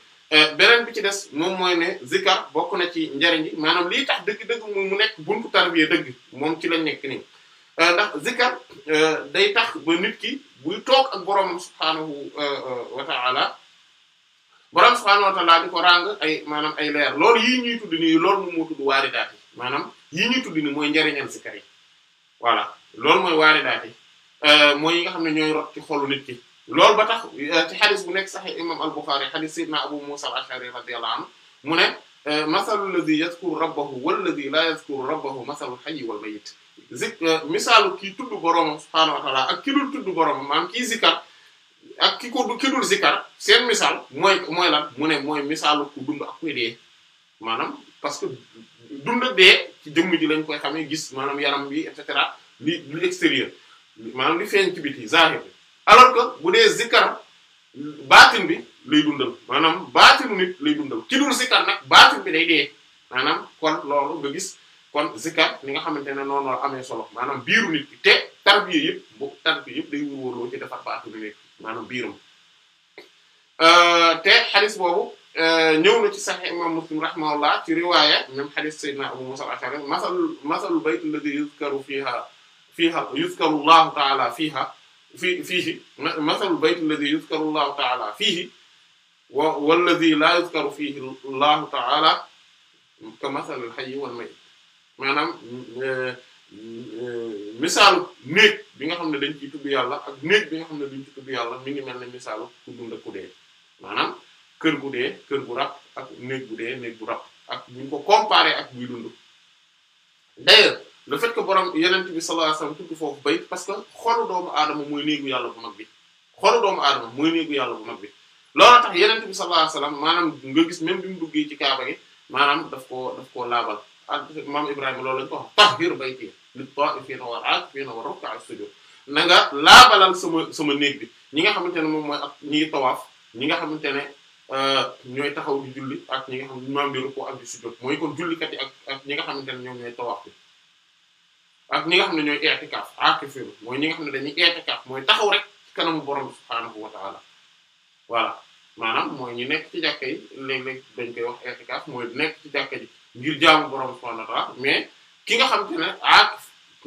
beneen bi ci des moom mooy ne zikar bokk na ci njariñ yi maanaam lii tax dëgg-dëgg mu nekk buntu tarbiya dëgg moom ci lañ nekk nii ndax zikar day tax ba nit ki buy toog ak borom subhaanahu wa ta'aala borom subhaanahu wa ta'aala di ko ràng ay maanaam ay leer loolu yii ñuy tudd nii loolu moom moo tudd waaridaat yi maanaam. yi ñu tudd ni mooy njariñal zikar yi voilà loolu mooy waaridaat yi euh, mooy yi nga xam ne ñooy rot ci xolu nit ki loolu ba tax euh, ci xadis bu nekk saxi imam al-Bukhari xadis sayyidina Abu Musa al-Ash'ari radiyallahu anhu mu ne euh, masalu alladhi rabbahu walladhi la wal mayyit zik misaalu kii tudd boroomam subhaanahu wa ta'ala ak ki dul tudd boroomam maanaam kii zikar ak ki zikar seen misaal mooy mooy lan mu ne mooy misaalu ku dund ak kuy dee parce que dund dee ci jëmm ji lañ koy xamee gis maanaam yaram bi et cetera li li extérieur maanaam li feeñ ci biti zahir bi alors que bu dee zikar baatin bi lay dundal maanaam baatinu nit lay dundal ki dul zikar nag baatin bi day dee maanaam kon loolu nga gis kon zikar li nga xamante ne noonu la amee solo maanaam biiru nit te tarbiya yëpp mbokk tarbiya yëpp day wóorloo ci defar baatinu nit maanaam biiram euh, te xaalis boobu. Euh, ñëw na ci Sahih imam Muslim rahimahullah ci riwaaya même hadith Sayyidina Abu Musa al-Ash'ari masalu masalu bayt alladhi yuzkaru fiha fiha yuzkaru Allahu ta'ala fiha fi fiihi masalu bayt alladhi yuzkaru Allahu ta'ala fiihi wa walladhi la yuzkaru fihi Allahu ta'ala ka masal al-hayy wal mayyit maanaam euh, euh, misaalu néeg bi nga xam ne dañ ciy tudd yàlla ak néeg bi nga xam ne duñ ci tudd yàlla mi ngi mel ne misaalu ku dund ak ku dee maanaam kër gu dee kër gu ràpp ak néeg bu dee néeg bu ràpp ak buñ ko comparé ak buy dund d'ailleurs le fait borom yenent bi sallallahu alayhi wasallam tudd foofu bayt parce que xolu doomu aadama mooy néegu yàlla bu mag bi xolu doomu aadama mooy néegu yàlla bu mag bi loolu tax yenent bi sallallahu alayhi wasallam maanaam nga gis même bi mu duggee ci kaaba yi maanaam daf koo daf koo laabal ak maam Ibrahima loolu lañu ko wax tahhir bayti lit ta'ifina wal 'akifina war ruk'a sujud na nga laabalal sama néeg bi ñi nga xamante ne moom mooy ak ñi xamante ne Euh, ñooy taxaw di julli ak ñi nga xam ne mooy kon jullikat ak ak xamante ne ñoom ñooy tawaaf bi ak ñi nga xam ne ñooy i'tikaaf mooy ñi nga xam ne dañuy i'tikaaf mooy taxaw rek ci kanamu borom subhaanahu wa ta'ala ñu nekk ci jàkka dañ koy wax i'tikaaf mooy nekk ci jàkka ngir jaamu borom subhaanahu mais ki nga xam te ne aakif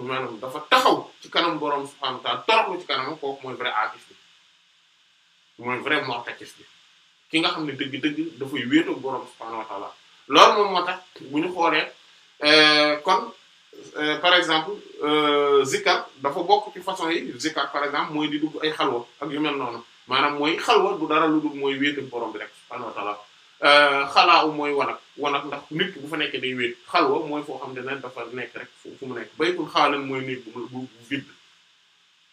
maanaam dafa taxaw ci kanamu borom subhaanahu wa ta'ala toroxlu ci kanam kooku mooy vrai aakif mooy vrai mu'takif bi. ki nga xam ne dëgg-dëgg dafay wéetoo borom subhaanahu wa ta'ala loolu moom moo tax bu ñu xoolee euh, kon euh, par exemple euh, zikar dafa bokk ci façon yi zikar par exemple mooy di dugg ay xalwa ak yu mel noonu maanaam mooy xalwa du dara lu dugg mooy wéetal borom bi rek subhaanahu wa ta'ala xalaawu mooy wanak wanak ndax nit bu fa nekkee day wéet xalwa mooy foo xam ne dafa nekk rek fu mu nekk baytul xaalan mooy nit bu bu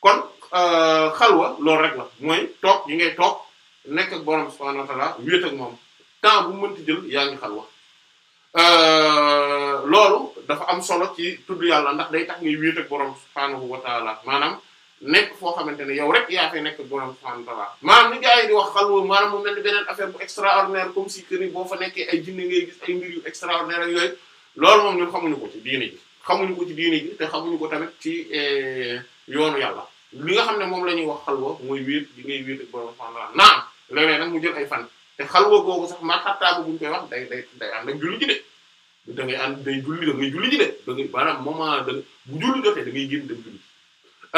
kon xalwa loolu rek la mooy toog yi ngay toog nekk ak borom subhaanahu wa ta'aala wéet ak moom temps bu mënti jël yaa ngi xalwa euh, loolu dafa am solo ci tudd yàlla ndax day tax ngay wéet ak borom subhaanahu wa maanaam nekk foo xamante ne yow rek yaa fay nekk ak borom subhaanahu wa maanaam ni gars yi di wax xalwa maanaam mu mel ni beneen affaire bu extraordinaire comme si que ni boo fa nekkee ay jinne ngay gis ay mbir yu extraordinaire ak yooyu loolu moom ñun xamuñu ko ci diini ji xamuñu ko ci xamuñu ko tamit ci eh, yoonu yàlla li nga xam ne moom la ñuy wax xalwa mooy wéet léeg-léeg nag mu jël ay fan te xalwa googu sax man xattaabu buñ koy wax day day day ànd de da day julli da ngay julli ji de da ngay maanaam moment de bu julli jotee da génn dem julli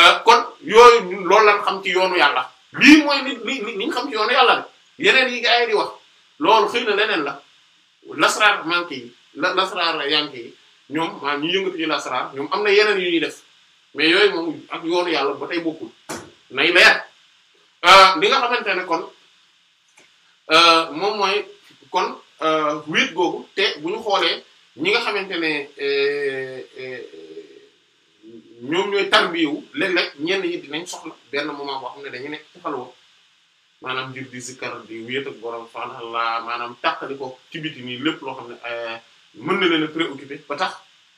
euh, kon yooyu lool lañ xam ci yoonu yàlla lii mooy li li li xam ci yoonu yàlla la yi gaa yi wax loolu xëy leneen la lasraar manqué la lasraar yanke yi ñoom maanaam ñu yëngatu ci lasraar ñoom am na yeneen yu ñuy def mais yooyu moom ak yoonu yàlla ba tey bokkul nay leer euh, li nga xamante ne kon Euh, moom mooy kon euh, wéet googu te bu ñu xoolee ñi nga xamante ne euh, ñoom ñooy tarbiyu léeg-léeg ñenn yi dinañ soxla benn moment boo xam ne dañu nekk ci xalwa maanaam ngir di zikkar di wéet ak borom maanaam tàqali ko ci biti nii lépp loo xam ne mën na leen a préoccupé ba tax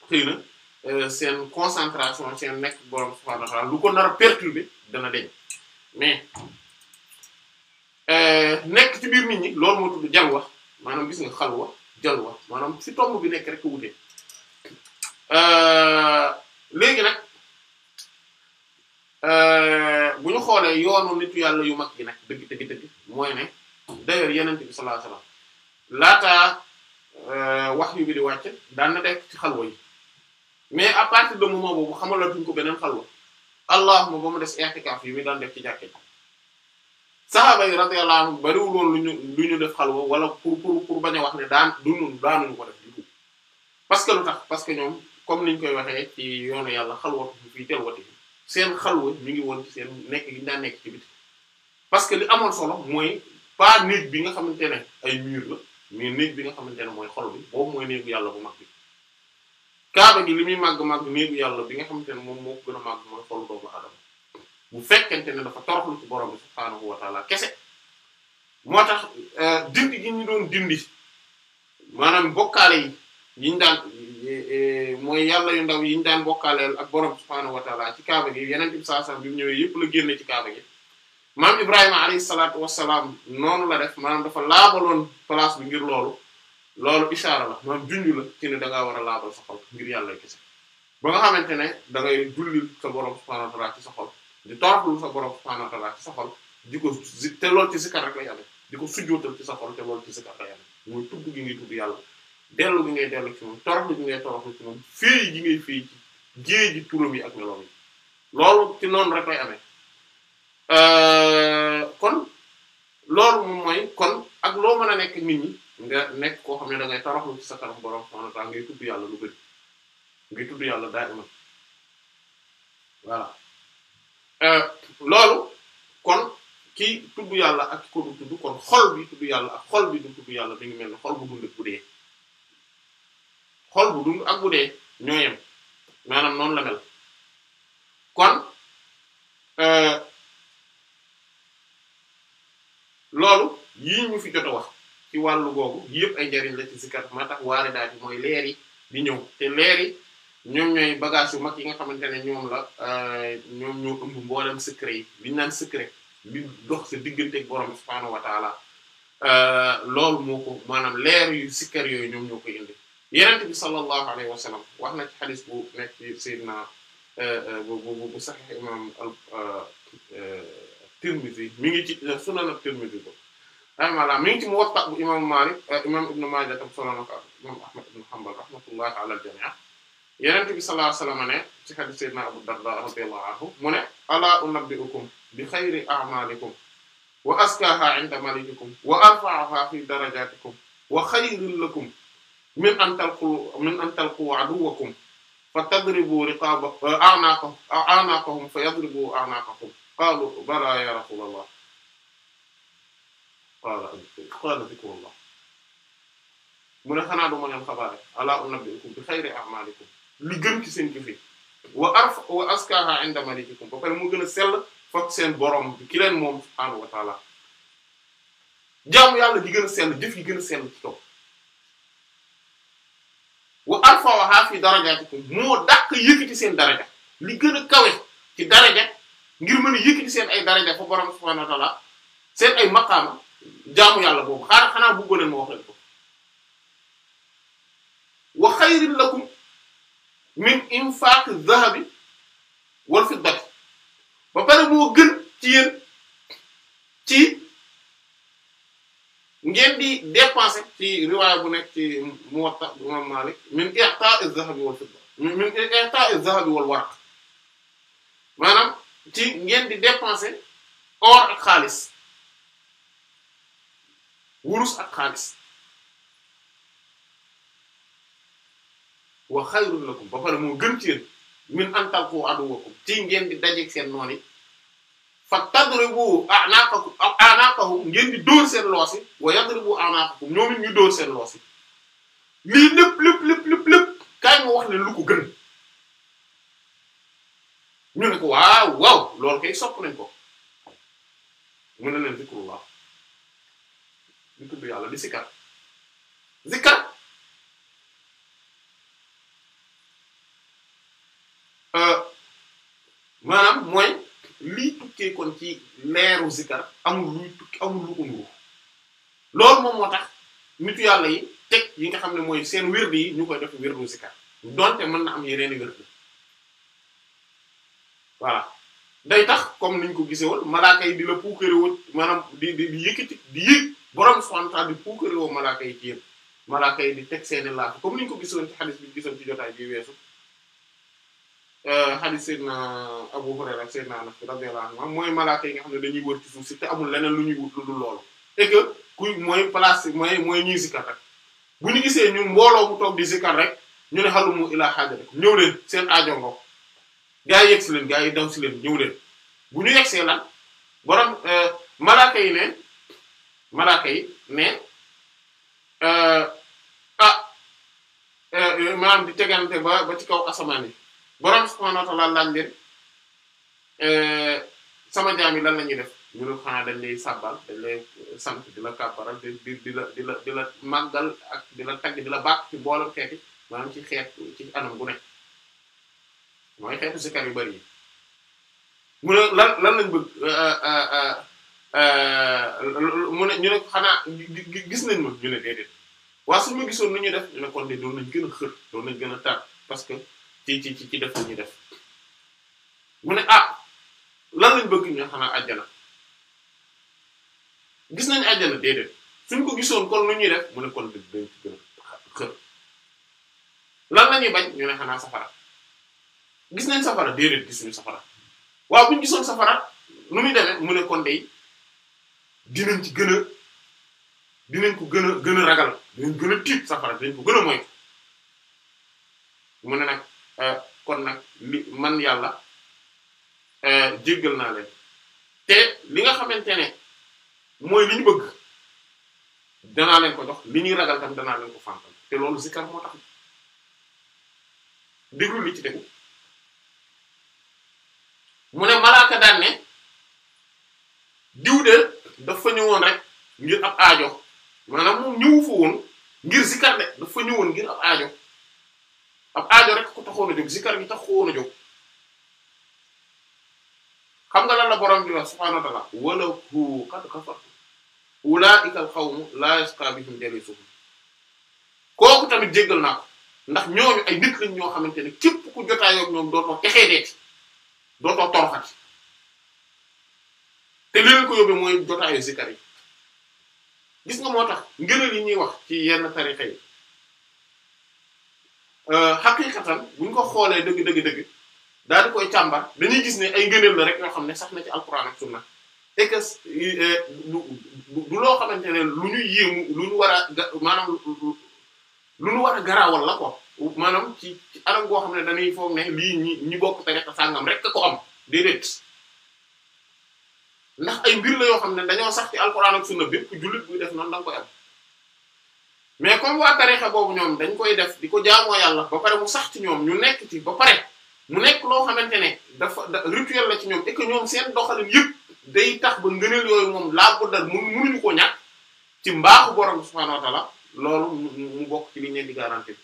xëy na seen concentration seen nekk borom subhaanallah lu ko nar a perturbé dana deñ mais Euh, nekk ci biir nit ñi loolu moo tudd jalwa maanaam gis nga xalwa jalwa maanaam fi tomb bi nekk rek ko wute euh, léegi nag euh, bu ñu xoolee yoonu nitu yàlla yu mag yi nag dëgg dëgg dëgg mooy ne d'ailleurs yenente bi sallallahu alayhi wax yu bi di wàcc daan na dekk ci xalwa yi mais à partir de moment boobu xamalatuñ ko beneen xalwa allahuma ba mu des i'tikaf yi mi daan def ci jàkke saxaaba yi radiyallahu anhu bariwul woon lu ñu lu ñu def xalwa wala pour pour pour wax ne daan duñu daanuñu ko def di parce que lu tax parce que ñoom comme niñ koy waxee ci yoonu yàlla xalwatu fii telwati seen xalwa ñu ngi woon seen nekk gi ñu daan nekk ci biti parce que li amoon solo mooy pas néeg bi nga xamante ne ay mur la mais néeg bi nga xamante ne mooy xol bi mooy néegu yàlla bu mag li màgg-màgg néegu yàlla bi nga xamante ne moom moo ko gën a mooy xol bu fekkente ne dafa toroxlu ci borom bi subhaanahu wa taala kese moo tax euh, dindi gi ñu doon dindi maanaam bokkaale yi yiñ daan mooy yàlla yu ndaw ñu daan bokkaaleel ak borom subhaanahu wa ci kaaba gi yeneen bi saa bi mu ñëwee yëpp la génne ci kaaba gi maam Ibrahima alayhi salaatu wassalaam noonu la def maanaam dafa laabaloon place bi ngir loolu loolu ishaara la maanaam junj la ci ne da war a laabal sa xol ngir yàlla kese ba nga xamante ne da ngay julli di toroxlu sa borom subhaanahu wa ta'aala ci sa xol di ko te lool ci sikar rek lay amee di ko sujjootal ci sa te lool ci sikar lay amee muy tudd gi ngay tudd yàlla dellu gi ngay dellu ci moom toroxlu gi ngay toroxlu ci moom féey ak meloom yi loolu ci noonu rek lay euh, loolu moom mooy kon ak loo mën a nekk nit koo xam ne da ngay ci sa kanam borom subhaanahu wa ta'aala ngay tudd daa Euh, loolu kon kii tudd yàlla ak ko du tudd kon xol bi tudd yàlla ak xol bi du tudd yàlla dañu mel ne xol bu dund ak bu dee ñoo yem maanaam noonu la mel kon euh, loolu yii ñu fi jot a wax ci wàllu googu yëpp ay njariñ la ci zikar maa tax waare daal mooy leer yi ñëw te leer ñoom ñooy bagage yu mag yi nga xamante ne ñoom la euh, ñoom ñoo ëmb mboolem secret yi li naan secret bi dox sa digganteeg borom subhaanahu wa taala euh, loolu moo ko maanaam leer yu sikkar yooyu ñoom ñoo koy indi yenent bi sallallahu alayhi wa wax na ci xadis bu nekk ci sayyidina euh, bu bu bu saxix imam al Tirmidhi mi ngi ci sunan ak Tirmidhi ko rahimahullah mi ngi ci Muwatta bu imam Malik imam Ibn Maaja tam solo na ko imam Ahmad ibn Hanbal rahmatullahi ala al jami'a yenent bi sallallahu alayhi wasallam ne ci hadith sayyidina Abu Darda radiyallahu anhu mu ne ala unabbi'ukum bi khayri a'malikum wa askaha 'inda malikikum wa arfa'uha fi darajatikum wa khayrun lakum min an talqu min an talqu aduwwakum fatadribu riqaba a'naqahum a'naqahum fayadribu a'naqakum qalu bala ya rasulullah qala qala dhikrullah mu ne xanaa du ma leen xabaare ala unabbi'ukum bi khayri a'malikum li gën ci seen jëf moo gën a sell foog seen borom bi ki di gën a sell li gën a kawe ci daraja ngir mën a yëkkati seen ay daraja fa borom subhaanahu wa seen ay maqaama jaamu yàlla boobu xaar xanaa bëggoon leen ma wax ko wa xayril lakum min infaq zahabi wal fiddati ba pare moo gën ci yéen ci ngeen di dépenser ci riwaaya bu nekk ci Muwatta bu Imam Malik min i'ta'i zahabi wal fidda min i'ta'i zahabi wal waraq maanaam ci ngeen di dépenser or ak xaalis wurus ak xaalis wa xayrun lakum ba pare moo gën ci yéen min an talqu aduwwakum ci ngeen di dajeeg seen noon yi fa tadribu a'naqakum a'naqahum ngeen di dóor seen loos yi wa yadribu a'naqakum ñoom it ñu dóor seen loos yi lii lépp lépp lépp lépp lépp kaay wax ne lu ko gën ñu ko waaw waaw loolu kay sopp nañ ko mu ne leen zikrullah ñu tudd yàlla di sikar maanaam mooy lii tukkee kon ci leeru zikar amul luy tukki amul lu ko nuru loolu moom moo tax nitu yàlla yi teg yi nga xam ne mooy seen wir yi ñu koy def wirdu zikar donte mën na am yeneen i wird voilà day tax comme niñ ko gisewoon malaaka yi di la puukarewoo maanaam di di di yëkkati di yëg borom subhanahu wa ta'ala di puukarewoo yéen malaaka yi di teg seeni laatu ko gisewoon ci hadith bi gisoon ci jotaay bi weesu Euh, hadith Seydina Abu Hurayra ak Seydina Anas radiyallahu anhu mooy malaaka yi nga xam ne da wër ci suuf si te amul leneen lu ñuy wut lu lool loolu et que mooy place mooy mooy ñuy zikar rek bu ñu gisee ñu mbooloo mu toog di zikar rek ñu ne halumu ilaa haajatikum ñëw leen seen aajo ngoog gaa yi si leen gaa yi daw si leen ñëw leen bu ñu yeggsee see la euh, malaaka yi ne malaaka yi ne euh, ah maanaam di tegante ba ba ci kaw asamaan yi borom subhaanahu wa ta'aala laaj leen eh, sama jaam yi lan la ñuy def ñu ne xanaa dañ lay sabbal dañ sant di la kàbbaral di la di la di la màggal ak di la tagg di la bàkk ci mboolem xeeti maanaam ci xeet ci anam gu ne yu bari yi mu lan lañ bëgg eh, eh, mu ne ñu ne xanaa gis nañ ma ñu ne déedéet waa su ma gisoon nu ñuy def ñu ne kon de doon nañ gën a xër doon nañ gën a tar parce que ci ci ci def ñuy def mu ne ah lan lañ bëgg ñu xanaa àjjana gis nañ àjjana déedéet suñ ko gisoon kon lu ñuy def mu ne kon dëgg dañ ci la ñuy bañ ñu gis nañ safara déedéet gisuñu waaw buñ gisoon safara nu muy demee mu ne kon dey dinañ ci gën a dinañ ko gën a gën a ragal dinañ gën a tiit safara dinañ ko gën a moy mu ne nag Euh, kon nag man yàlla euh, jéggal naa leen te li nga xamante ne mooy li ñu bëgg danaa leen ko jox li ñuy ragal tam danaa leen ko fàntal te loolu zikar moo tax déglu li ci dégg mu ne malaaka daan ne diw de dafa ñëwoon rek ngir ab aajo maanaam moom ñëwu fa woon ngir zikar de dafa ñëwoon ngir ab aajo ab aajo rek ku taxoon a jóg zikar gi taxoon a jóg xam nga lan la borom bi wax subhaanahu wa ta'aala walahu qad kafaru ulaa'ika al-qawmu laa yasqaa bihim jaliisuhum kooku tamit jéggal naa ko ndax ñooñu ay nit lañ ñoo xamante ne képp ku jotaayoo ak ñoom dootoo texee deeti dootoo toroxati te li ko yóbbee mooy jotaayu zikar yi gis nga moo tax ngëneel yi ñuy wax ci yenn tarixa yi Euh, xaqiiqatan bu ñu ko xoolee dëgg dëgg dëgg daal di koy càmbar dañuy gis ne ay ngëneel la rek yoo xam ne sax na ci alquran ak sunna et euh, loo xamante ne lu ñu yéemu lu ñu war a maanaam lu ñu la ko maanaam ci ci anam xam ne dañuy foog ne lii ñi ñi bokk rek ko am déedéet ndax ay mbir la yoo xam ne dañoo sax ci alquran ak sunna bépp jullit buy def noonu da koy am. mais comme waa tarixa boobu ñoom dañ koy def di ko jaamoo yàlla ba pare mu sax ci ñoom ñu nekk ci ba pare mu nekk loo xamante ne dafa rituel la ci ñoom et ñoom seen doxalin yëpp day tax ba ngëneel yooyu moom laa ko dal mun ko ñàkk ci mbaaxu borom subhaanahu wa loolu bokk ci di garanti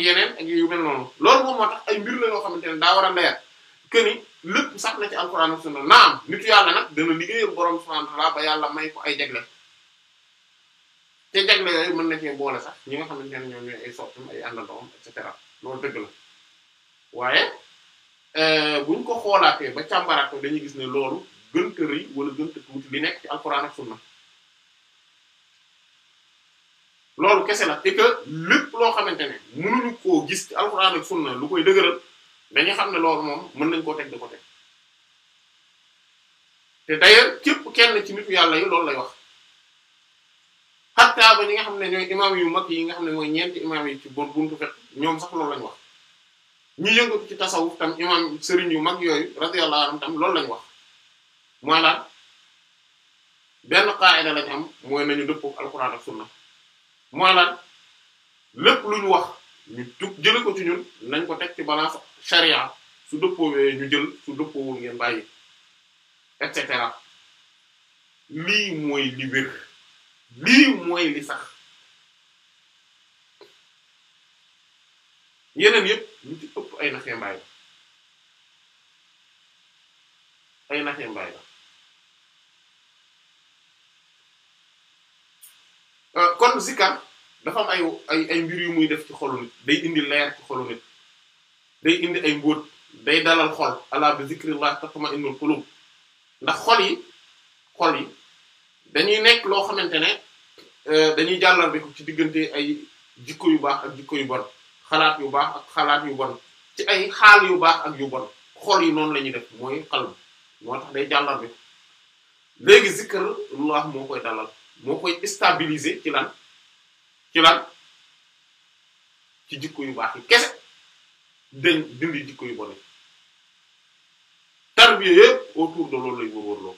yeneen ak yu mel moom moo tax ay mbir la loo xamante ne daa war a leer que ni lépp sax na ci alquran ak sunna naam nitu yàlla nag dana liggéeyal borom subhanahu wa ta'ala ba yàlla may ko ay jagle te jagle mën na cee boole sax ñi nga xamante ne ñoo ñooy ay soptam ay àndandoom et cetera loolu dëgg la waaye euh, buñ ko xoolaatee ba càmbaraat ko dañuy gis ne loolu gën te rëy tuuti li nekk ci alquran ak sunna loolu kese la et que lépp loo xamante ne mënuñu koo gis ci alquran ak sunna lu koy dëgëral. dañu xam ne loolu moom mën nañ koo teg ko côté te d'ailleurs képp kenn ci nitu yàlla yi loolu lay wax xattaa ba ñi nga xam ne ñooy imaam yu mag yi nga xam ne mooy ñeenti imaam yi ci bon buntu fekk ñoom sax loolu lañ wax ñu yëngatu ci tasawuf tam imaam yu mag yooyu radiyallahu anhum tam loolu lañ wax mooy la benn qaida lañ nañu dëppoo alquran ak lu ñu wax ñu jële ko ci ñun nañ ko teg ci balance sharia su dëppoowee ñu jël su dëppoowul ngeen bàyyi et cetera lii mooy li wér lii mooy li sax yeneen yëpp ñu ci ëpp ay naxee mbaay la ay naxee mbaay la euh, kon zikar dafa am ay ay ay mbir yu muy def ci xolu nit day indi leer ci xolu nit day indi ay mbóot day dalal xol ala bi zikrillah tatma'innul qulub ndax xol yi xol yi dañuy nekk loo xamante ne euh, dañuy jàllar ci diggante ay jikko yu baax ak jikko yu bon xalaat yu baax ak xalaat yu bon ci ay xaal yu baax ak yu bon xol yi noonu la ñuy def mooy xalb moo tax day jàllar léegi ko léegi moo koy dalal moo koy stabiliser ci lan ci lan ci jikko yu baax yi kese dañ dindi jikko yu bone tarbiya yëpp autour de loolu lañu wërloo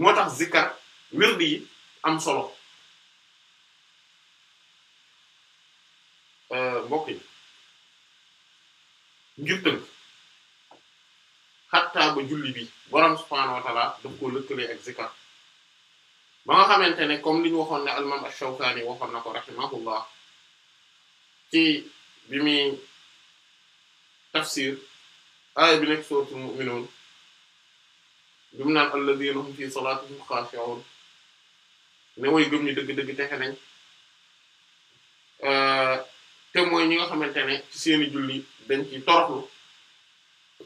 moo tax zikkar wird yi am solo euh, mbokk yi ngir tënk xattaa ba julli bi borom subhaanahu wa ta'aala daf koo lëkkale ak zikkar ba nga xamante ne comme li ñu waxoon ne al shawkaani waxoon na ko rahimahullah ci bi muy tafsir aaya bi nekk suuratul mu'minuun bi mu naan alladhiina hum fi salaatihim xaashi'uun ne way gëm ñi dëgg-dëgg texe nañ euh, te mooy ñi nga xamante ne ci seeni julli dañ ci toroxlu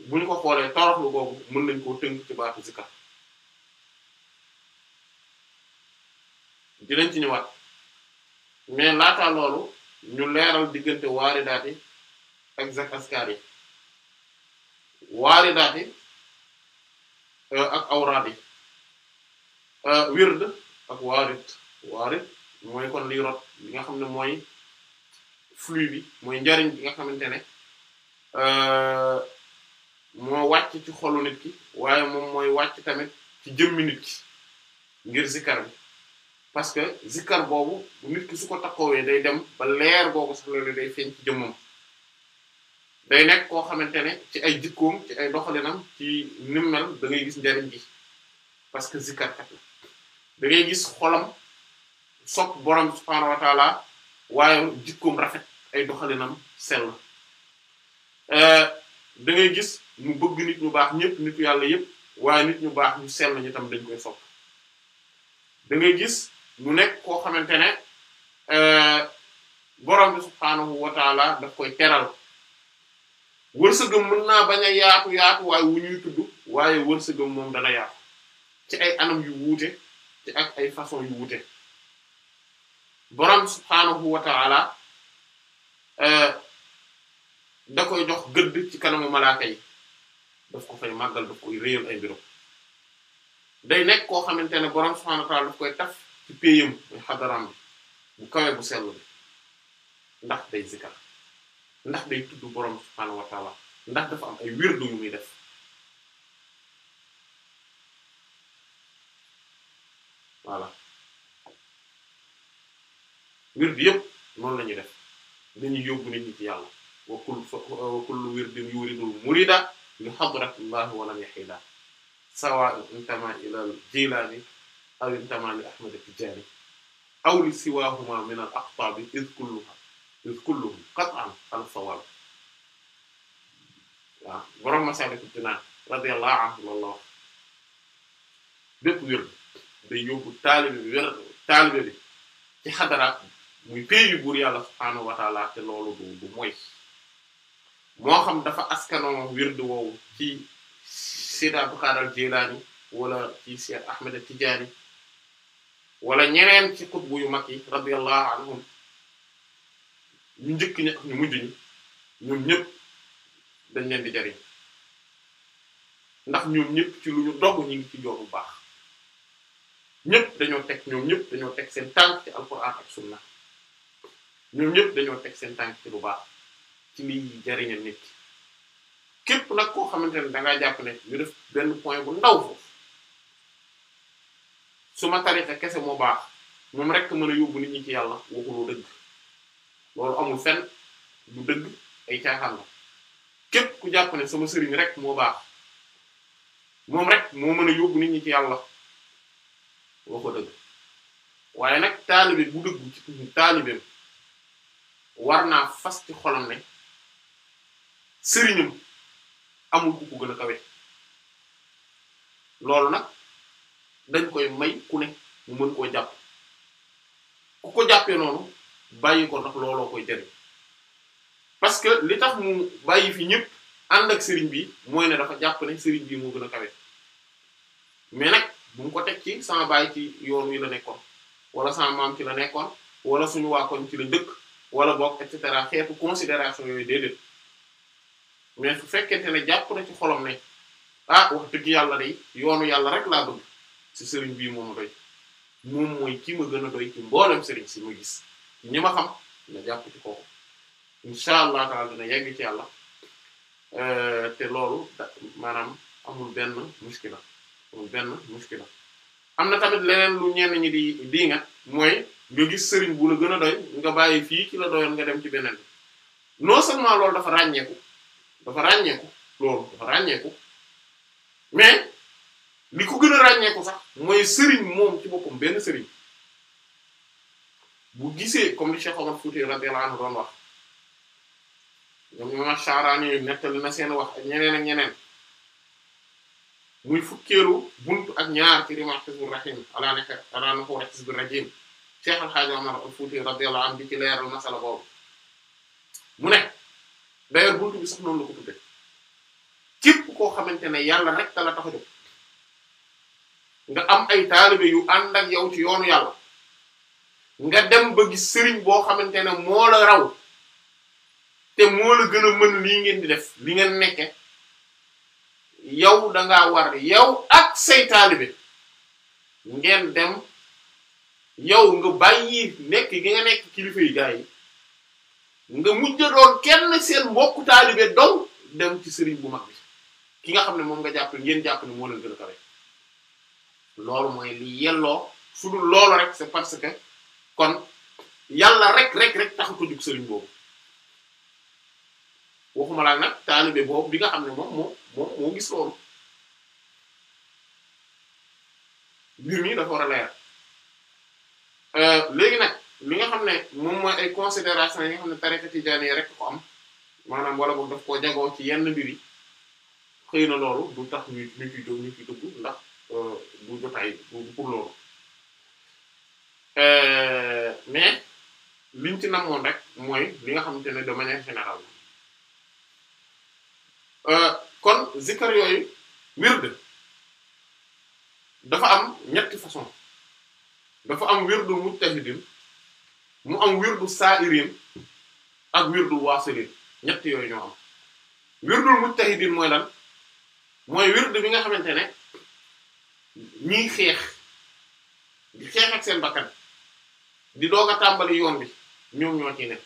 bu ñu ko xoolee toroxlu boobu mën nañ koo tënk ci baatu zikar dinañ ci ñëwaat mais laata loolu ñu leeral diggante waaridaat yi ak zak askar yi waaridaat euh, ak awraad euh, waarit mooy kon liy rot li nga xam ne mooy flux bi mooy njariñ bi nga xamante ne euh, moo wàcc ci xolu nit ki waaye moom mooy wàcc tamit ci jëmmi nit ki ngir zikar bi parce que zikkar boobu nit ki su ko takkoowee day dem ba leer boobu sax loolu day feeñ ci jëmmam day nekk koo xamante ne ci ay jikkoom ci ay doxalinam ci nimmel da dangay gis njariñ bi parce que zikkarkat la da ngay gis xolam sopp borom wa taala rafet ay doxalinam sell euh, da ngay gis mu bëgg nit ñu baax ñëpp nitu yàlla yëpp waaye nit ñu baax ñu sell ñu tam dañ koy sopp da gis mu nekk koo xamante ne euh, borom bi subhaanahu wa koy teral wërsëgam mën naa bañ a yaatu yaatu waaye wu ñuy waaye wërsëgam moom dana yaatu ci ay anam yu wuute ci ak ay façon yu wuute borom bi subhaanahu wa euh, da koy jox gëdd ci kanamu malaaka yi daf ko fay màggal daf koy réyal ay biro day nekk koo xamante ne borom subhaanahu wa taala daf koy taf ci péyam muy xadaraam bu kawe bu sell bi ndax day zikar ndax day tudd borom subhaanahu wa ndax dafa am ay wird yu muy def voilà wirdu yëpp noonu la ñuy def dañuy yóbbu nit ñi ci wa kul wa kullu wirdin murida li hadratillahi wa lam yahida sawa intama ilal jilani awil tamaami ahmad tijaani aw li siwaahuma min al aqtaabi iz kulluha iz kulluhum qat'an ala sawaab waaw borom Masaalikul Jinaan radiyallahu anhu loolu la wax bépp wér day yóbbu taalibe bi wér taalibe bi ci xadara muy péeyu buur yàlla subhaanahu wa taala te loolu du du mooy moo xam dafa askanoo wird woowu ci Seydi Abdul Qaadir Jilaani wala ci Seex Ahmed Tijaani wala ñeneen ci xutbu yu mag yi radiyallahu anhum ñu njëkk ñi ak ñu mujj ñi ñoom ñëpp dañ leen di jariñ ndax ñoom ñëpp ci lu ñu dogg ñu ngi ci joor bu baax ñëpp dañoo teg ñoom ñëpp dañoo teg seen tànk ci alquran ak sunna ñoom dañoo teg seen tànk ci lu baax ci liy jariña nit képp nag koo xamante ne da ngaa jàpp ne ñu def benn point bu ndaw foofu suma tariqa kese moo baax moom rek mën a yóbbu nit ñi ci yàlla waxuloo dëgg loolu amul fenn du dëgg ay caaxaan la képp ku jàpp ne sama sëriñ rek moo baax moom rek moo mën a yóbbu nit ñi ci yàlla waxoo dëgg waaye nag taalibe bu dëggu ci taalibeem war naa fas ci xolam ne sëriñam amul ku ko gën a kawe loolu nag dañ koy may ku ne mu mën koo jàpp ku ko jàppee noonu bàyyi ko ndax looloo koy jëriñ parce que li tax mu bàyyi fi ñëpp ànd ak sëriñ bi mooy ne dafa jàpp ne sëriñ bi moo gën a kawe mais nag bu mu ko teg ci sama baay ci yoon wi la nekkoon wala sama maam ci la nekkoon wala suñu waa koñ ci la dëkk wala boog et cetera xeetu considération yooyu déedéet mais su fekkente ne jàpp na ci xolom ne ah wax dëgg yàlla de yoonu yàlla rek laa bëgg si sëriñ bii moo ma doy moom mooy kii ma gën a doy ci mboolem sëriñ si ma gis ñi ma xam na jàpp ci kooku incha allah taala dina yegg ci yàlla euh, te loolu da amul benn muskila amul benn muskila am na tamit leneen lu ñenn ñi di di nga mooy nga gis sëriñ bu la gën a doy nga bàyyi fii ci la doyoon nga dem ci beneen bi non seulement loolu dafa ràññeeku dafa ràññeeku loolu dafa ràññeeku mais li ko gën a ràññeeku sax mooy sëriñ moom ci boppam benn sëriñ bu gisee comme li Cheikh Omar Fouti radiyallahu anhu doon wax ñoom imam Sha'rani yu nettali na seen wax ak ñeneen ak ñeneen muy fukkeelu buntu ak ñaar ci Rima Hizbir Rahim ala nekk ala nuhu Hizbir Rahim Cheikh Al Hadj Omar Al Fouti radiyallahu anhu bi ci leeral masala boobu mu ne d'ailleurs buntu bi sax noonu la ko tudde képp koo xamante ne yàlla rek la tax a jóg nga am ay taalibe yu ànd ak yow ci yoonu yàlla nga dem ba gis sëriñ boo xamante ne moo la raw te moo la gën a mën lii ngeen di def li ngeen nekke yow da ngaa war yow ak say taalibe ngeen dem yow nga bàyyi nekk gi nga nekk kilifa yi gaa yi nga mujj doon kenn seen mbokku taalibe dong dem ci sëriñ bu mag bi ki nga xam ne moom nga jàpp ngeen jàpp ne moo leen gën a kawe loolu mooy li yelloo su dul loolu rek c'est parce que kon yàlla rek rek rek taxu ko jug sëriñ boobu waxuma laa nag taalibe boobu bi nga xam ne moom moo moom moo gis loolu mbir mi dafa war a leer euh, nag li nga xam ne moom mooy ay considération yi nga xam ne tariqa tijaani rek ko am maanaam wala boog daf koo jagoo ci yenn mbir yi xëy na loolu du tax ñu ñu ciy jóg ñu ciy dugg ndax euh, du jotaay du pour loolu euh, mais liñ ci namoon rek mooy li nga xamante ne de manière générale euh, kon zikar yooyu wird dafa am ñetti façon dafa am wirdu mujtahidin mu am wirdu sa'irin ak wirdu wasilin ñetti yooyu ñoo am wirdul mujtahidin mooy lan mooy wird bi nga xamante ne ñiy xeex di xeex ak seen bakkan di doog a tàmbali yoon bi ñoom ñoo ciy ne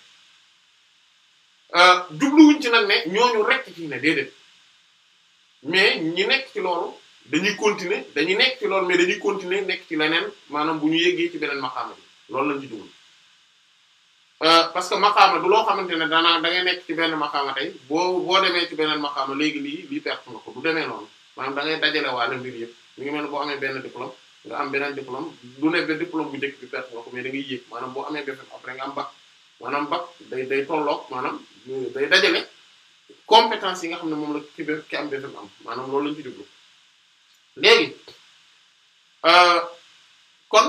euh, jubluwuñ ci nag ne ñooñu rekk ci ne déedéet mais ñi nekk ci loolu dañuy continuer dañuy nekk ci loolu mais dañuy continuer nekk ci leneen maanaam bu ñu yéggee ci beneen maqaama lool loolu lañ ci dugg euh, parce que maqaama du loo xamante ne daanaam da ngay nekk ci benn maqaama tey boo boo demee ci beneen maqaama léegi lii lii perte nga ko du demee noonu maanaam da ngay dajale waale mbir yëpp. mi ngi mel ne boo amee benn diplôme nga am benn diplôme du ne ba diplôme bu njëkk bi perte ko mais da ngay maanaam boo amee BFEM après nga am bac maanaam bac day day maanaam euh, day dajale compétence yi nga xam ne moom la ki be ki am BFEM am maanaam loolu lañu ci déglu léegi euh, kon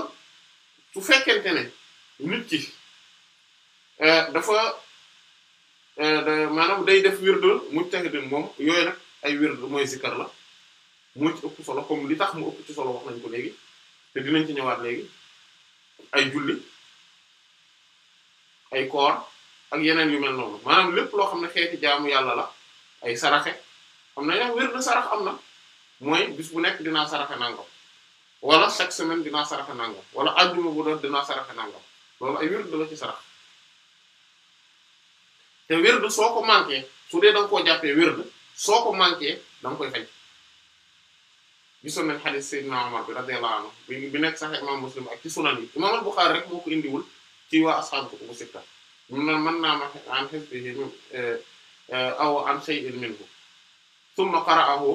su fekkente ne nit ki euh, dafa maanaam day def wirdu mujtahid moom yooyu nag ay wirdu mooy zikar la moo ci ëpp solo comme li tax mu ëpp ci solo wax nañ ko léegi te dinañ ci ñëwaat léegi ay julli ay koor ak yeneen yu mel noonu maanaam lépp loo xam ne xeeti jaamu yàlla la ay saraxe xam na yaa wér na sarax am na mooy bis bu nekk dinaa saraxe nangam wala chaque semaine dinaa saraxe nangam wala àjjuma bu doon dinaa saraxe nangam loolu ay wér la ci sarax te wér soo ko manqué su dee da nga koo jàppee wér soo ko manqué da nga koy fay. gisoon nañ xadis Seydina Umar bi la anhu bi bi nekk sax imam Muslim ak ci sunan yi imam al-Bukhari rek moo ko indiwul ci waa ashaabu kutubu sitta mun na mën naa ma an hizbihi eh, aw an shay'in minhu thumma qara'ahu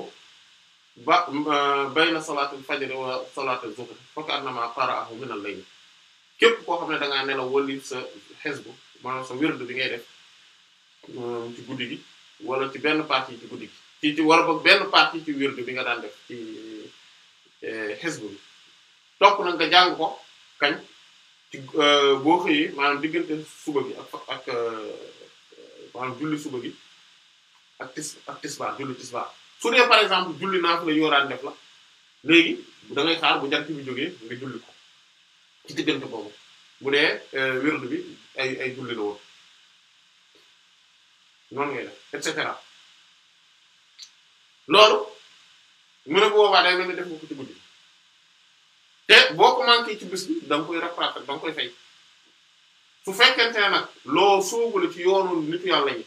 ba eh, bayna salaatil fajr wa salaatil zuhr fa ka'annama qara'ahu min al-layl képp koo xam ne da ngaa nelaw wali sa xisbu maanaam sa wérdu bi ngay def mm, ci guddi gi wala ci benn partie ci guddi gi ci ci wala boog benn partie ci wérdu bi nga daan def ci. xisbu bi topp na nga jàng ko kañ euh, boo xëyee maanaam diggante suba gi ak ak euh, julli suba gi ak tis ak tisbaar julli tisbaar su dee par exemple julli naa fi la yooraan def la léegi da ngay xaar bu jant bi jógee nga julli ko ci diggante boobu bu dee euh, wirdu bi ay ay julli la woon noonu ngay def et cetera loolu mu ne bu boobaa day mel ni ko ci guddi te boo ko manqué ci bés bi da nga koy rattraper da nga koy fay su fekkente ne nag loo soogule ci yoonu nitu yàlla yi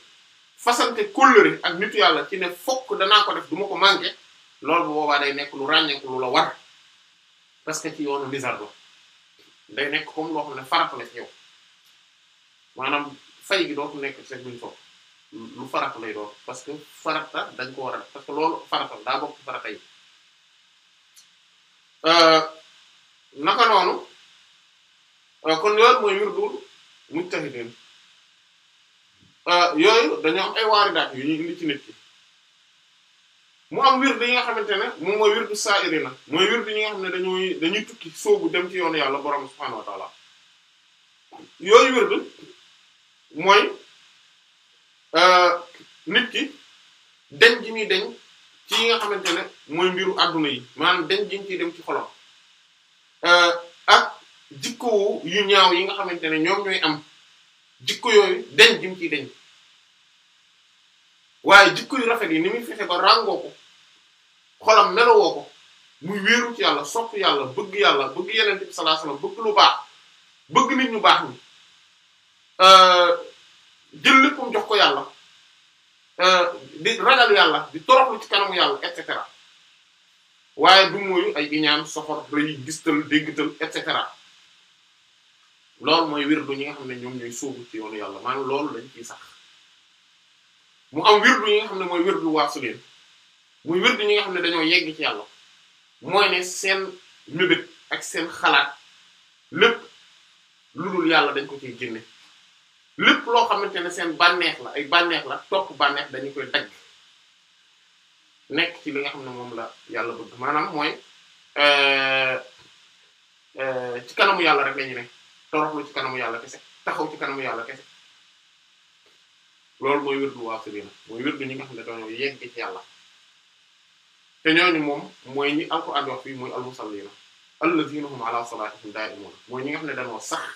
fasante kóllëre ak nitu yàlla ci ne fokk danaa ko def du ma ko manqué loolu bu boobaa day nekk lu ràññeeku lu la war parce que ci yoonu lizardo day nekk comme loo xam ne farata la ci maanaam fay gi dootu nekk ci buñ soog lu farata lay doon parce que farata dañ ko war a parce que loolu farata daa bokk farata yi. Euh, naka noonu euh, kon euh, yooyu mooy wirdu mujtahidin yooyu dañoo am ay waaridaat yu ñuy nit ki mu am wirdu yi nga xamante ne moom mooy wirdu sa'irina mooy wirdu yi nga xam ne dañuy dañuy tukki sóobu dem ci yoonu yàlla borom subhaanahu wa ta'ala yooyu wirdu mooy euh, nit ki deñ gi muy deñ ci yi nga xamante ne mooy mbiru àdduna yi maanaam deñ ji ñu ciy dem ci xolam. Euh, ak jikko yu ñaaw yi nga xamante ne ñoom ñooy am jikko yooyu deñ jim ciy deñ waaye jikko yu rafet yi ni muy fexe ba ràngoo ko xolam melowoo ko muy wéeru yàlla sopp yàlla bëgg yàlla bëgg yeneen bi sallallahu alayhi bëgg lu baax bëgg nit ñu baax ñi euh, jël léppam jox ko yàlla euh, di ragal yàlla di toroxlu ci kanamu yàlla et cetera waaye du mooyu ay iñaan soxor rëy gistal déggital et cetera loolu mooy wirdu ñi nga xam ne ñoom ñooy sóobu ci yoonu yàlla maanaam loolu dañ ciy sax mu am wirdu ñi nga xam ne mooy wirdu waasuleen muy wirdu ñi nga xam ne dañoo yegg ci yàlla mooy ne seen mébét ak seen xalaat lépp lu dul yàlla dañ ko ciy génne lépp loo xamante ne seen bànneex la ay bànneex la topp bànneex dañu koy dagg nekk ci li nga xam ne moom la yàlla bëgg maanaam mooy euh, euh, ci kanamu yàlla rek lañu ne toroxlu ci kanamu yàlla kese taxaw ci kanamu yàlla kese loolu mooy wirdu waasiliina mooy wirdu ñi nga xam ne dañoo yegg ci yàlla te ñooñu moom mooy ñi alxuraan wax fii mooy almusalliina allaziina hum ala salaatihim daa'imuun mooy ñi nga xam ne dañoo sax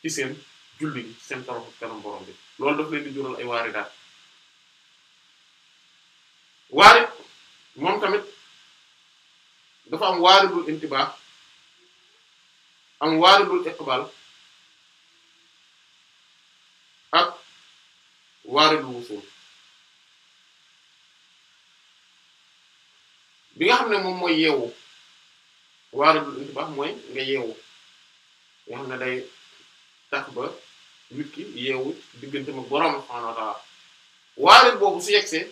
ci seen julli gi seen toroxlu ci kanam borom bi loolu daf leen jural ay waaridaat waarit moom tamit dafa am waaridul intibaa am waaridul iqbal ak waaridul wusul bi nga xam ne moom mooy yeewu waaridul intibaa mooy nga yeewu nga xam ne day tax ba nit ki yeewu diggante ma borom subhaanahu wa ta'aala waarit boobu su yegsee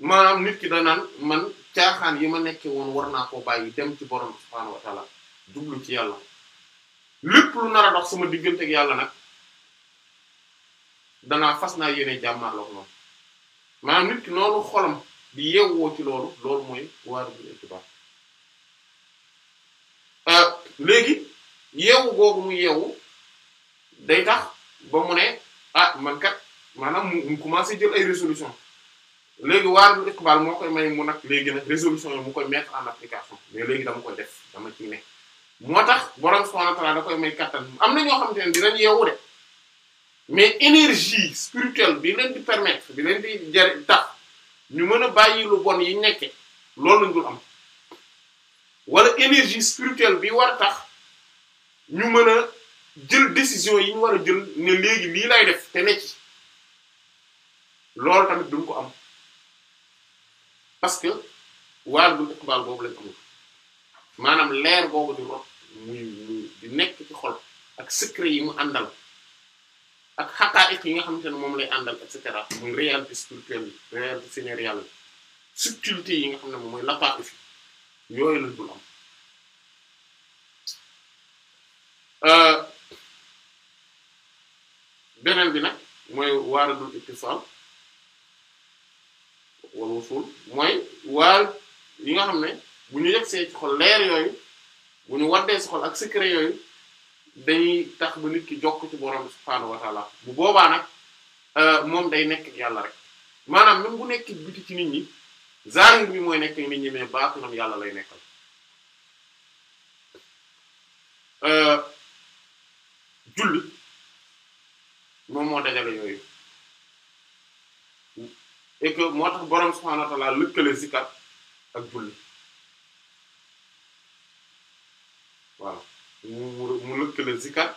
maanaam nit ki danaan man caaxaan yi ma nekkee woon war naa koo bàyyi dem ci borom subhaanahu wa taala jublu ci yàlla lépp lu nar a dox sama diggante yàlla nag danaa fas naa yéene jàmmaarloo ko moom maanaam nit ki noonu xolam di yeewoo ci loolu loolu mooy waaru bi itibaar euh, léegi yeewu googu mu yeewu day tax ba mu ne ah man kat maanaam mu mu commencé jël ay résolution léegi waar bu iqbal moo koy may mu nag léegi nag résolution yi mu koy mettre en application mais léegi dama koy def dama ci ne moo tax borom subhanahu wa ta'ala da koy may kattan am na ñoo xamante ne dinañ yeewu de mais énergie spirituelle bi leen di permettre bi leen di jari tax ñu mën a bàyyi lu bon yi nekke loolu lañ dul am walla énergie spirituelle bi war a tax ñu mën a jël décision yi war a jël ne léegi lii lay def te ne ci loolu tamit duñ ko am parce que waal bu iqbal boobu lañ amul maanaam leer boobu di rot muy di nekk ci xol ak secret yi mu àndal ak xaqaa'iq yi nga xamante ne moom lay àndal et cetera muy réalité spirituelle yi yi subtilité yi nga xam ne moom mooy lataa'if yooyu lañ dul am euh, beneen bi nag mooy waaradul ittisal wal wusul mooy waal yi nga xam ne bu ñu yegsee ci xol leer yooyu bu ñu waddee si xol ak secret yooyu dañuy tax ba nit ki jokk ci borom subhaanahu wa taala bu boobaa nag euh, moom day nekk yàlla rek maanaam même bu nekk biti ci nit ñi zahir bi mooy nekk nit ñi mais baatinam yàlla lay nekkal euh, julli moom moo dajale yooyu et que moo tax borom subhaanahu wa ta'aala lëkkale zikar ak julli voilà mu mu lëkkale zikar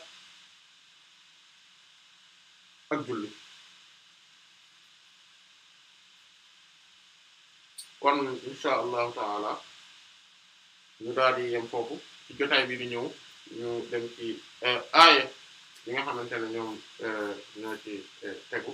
ak julli kon insha allahu taala ñu daal di yem foofu ci jotaay bi di ñëw ñu dem ci euh, aaya yi nga xamante ne ñoom euh, ñoo ci euh, tegu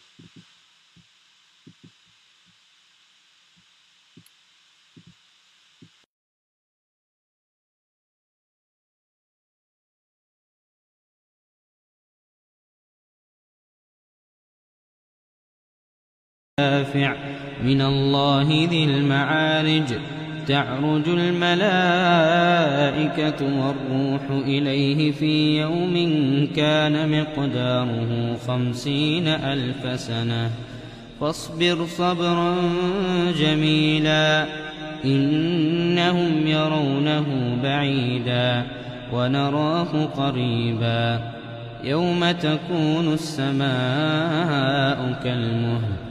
شافع من الله ذي المعارج تعرج الملائكة والروح إليه في يوم كان مقداره خمسين ألف سنة فاصبر صبرا جميلا إنهم يرونه بعيدا ونراه قريبا يوم تكون السماء كالمهل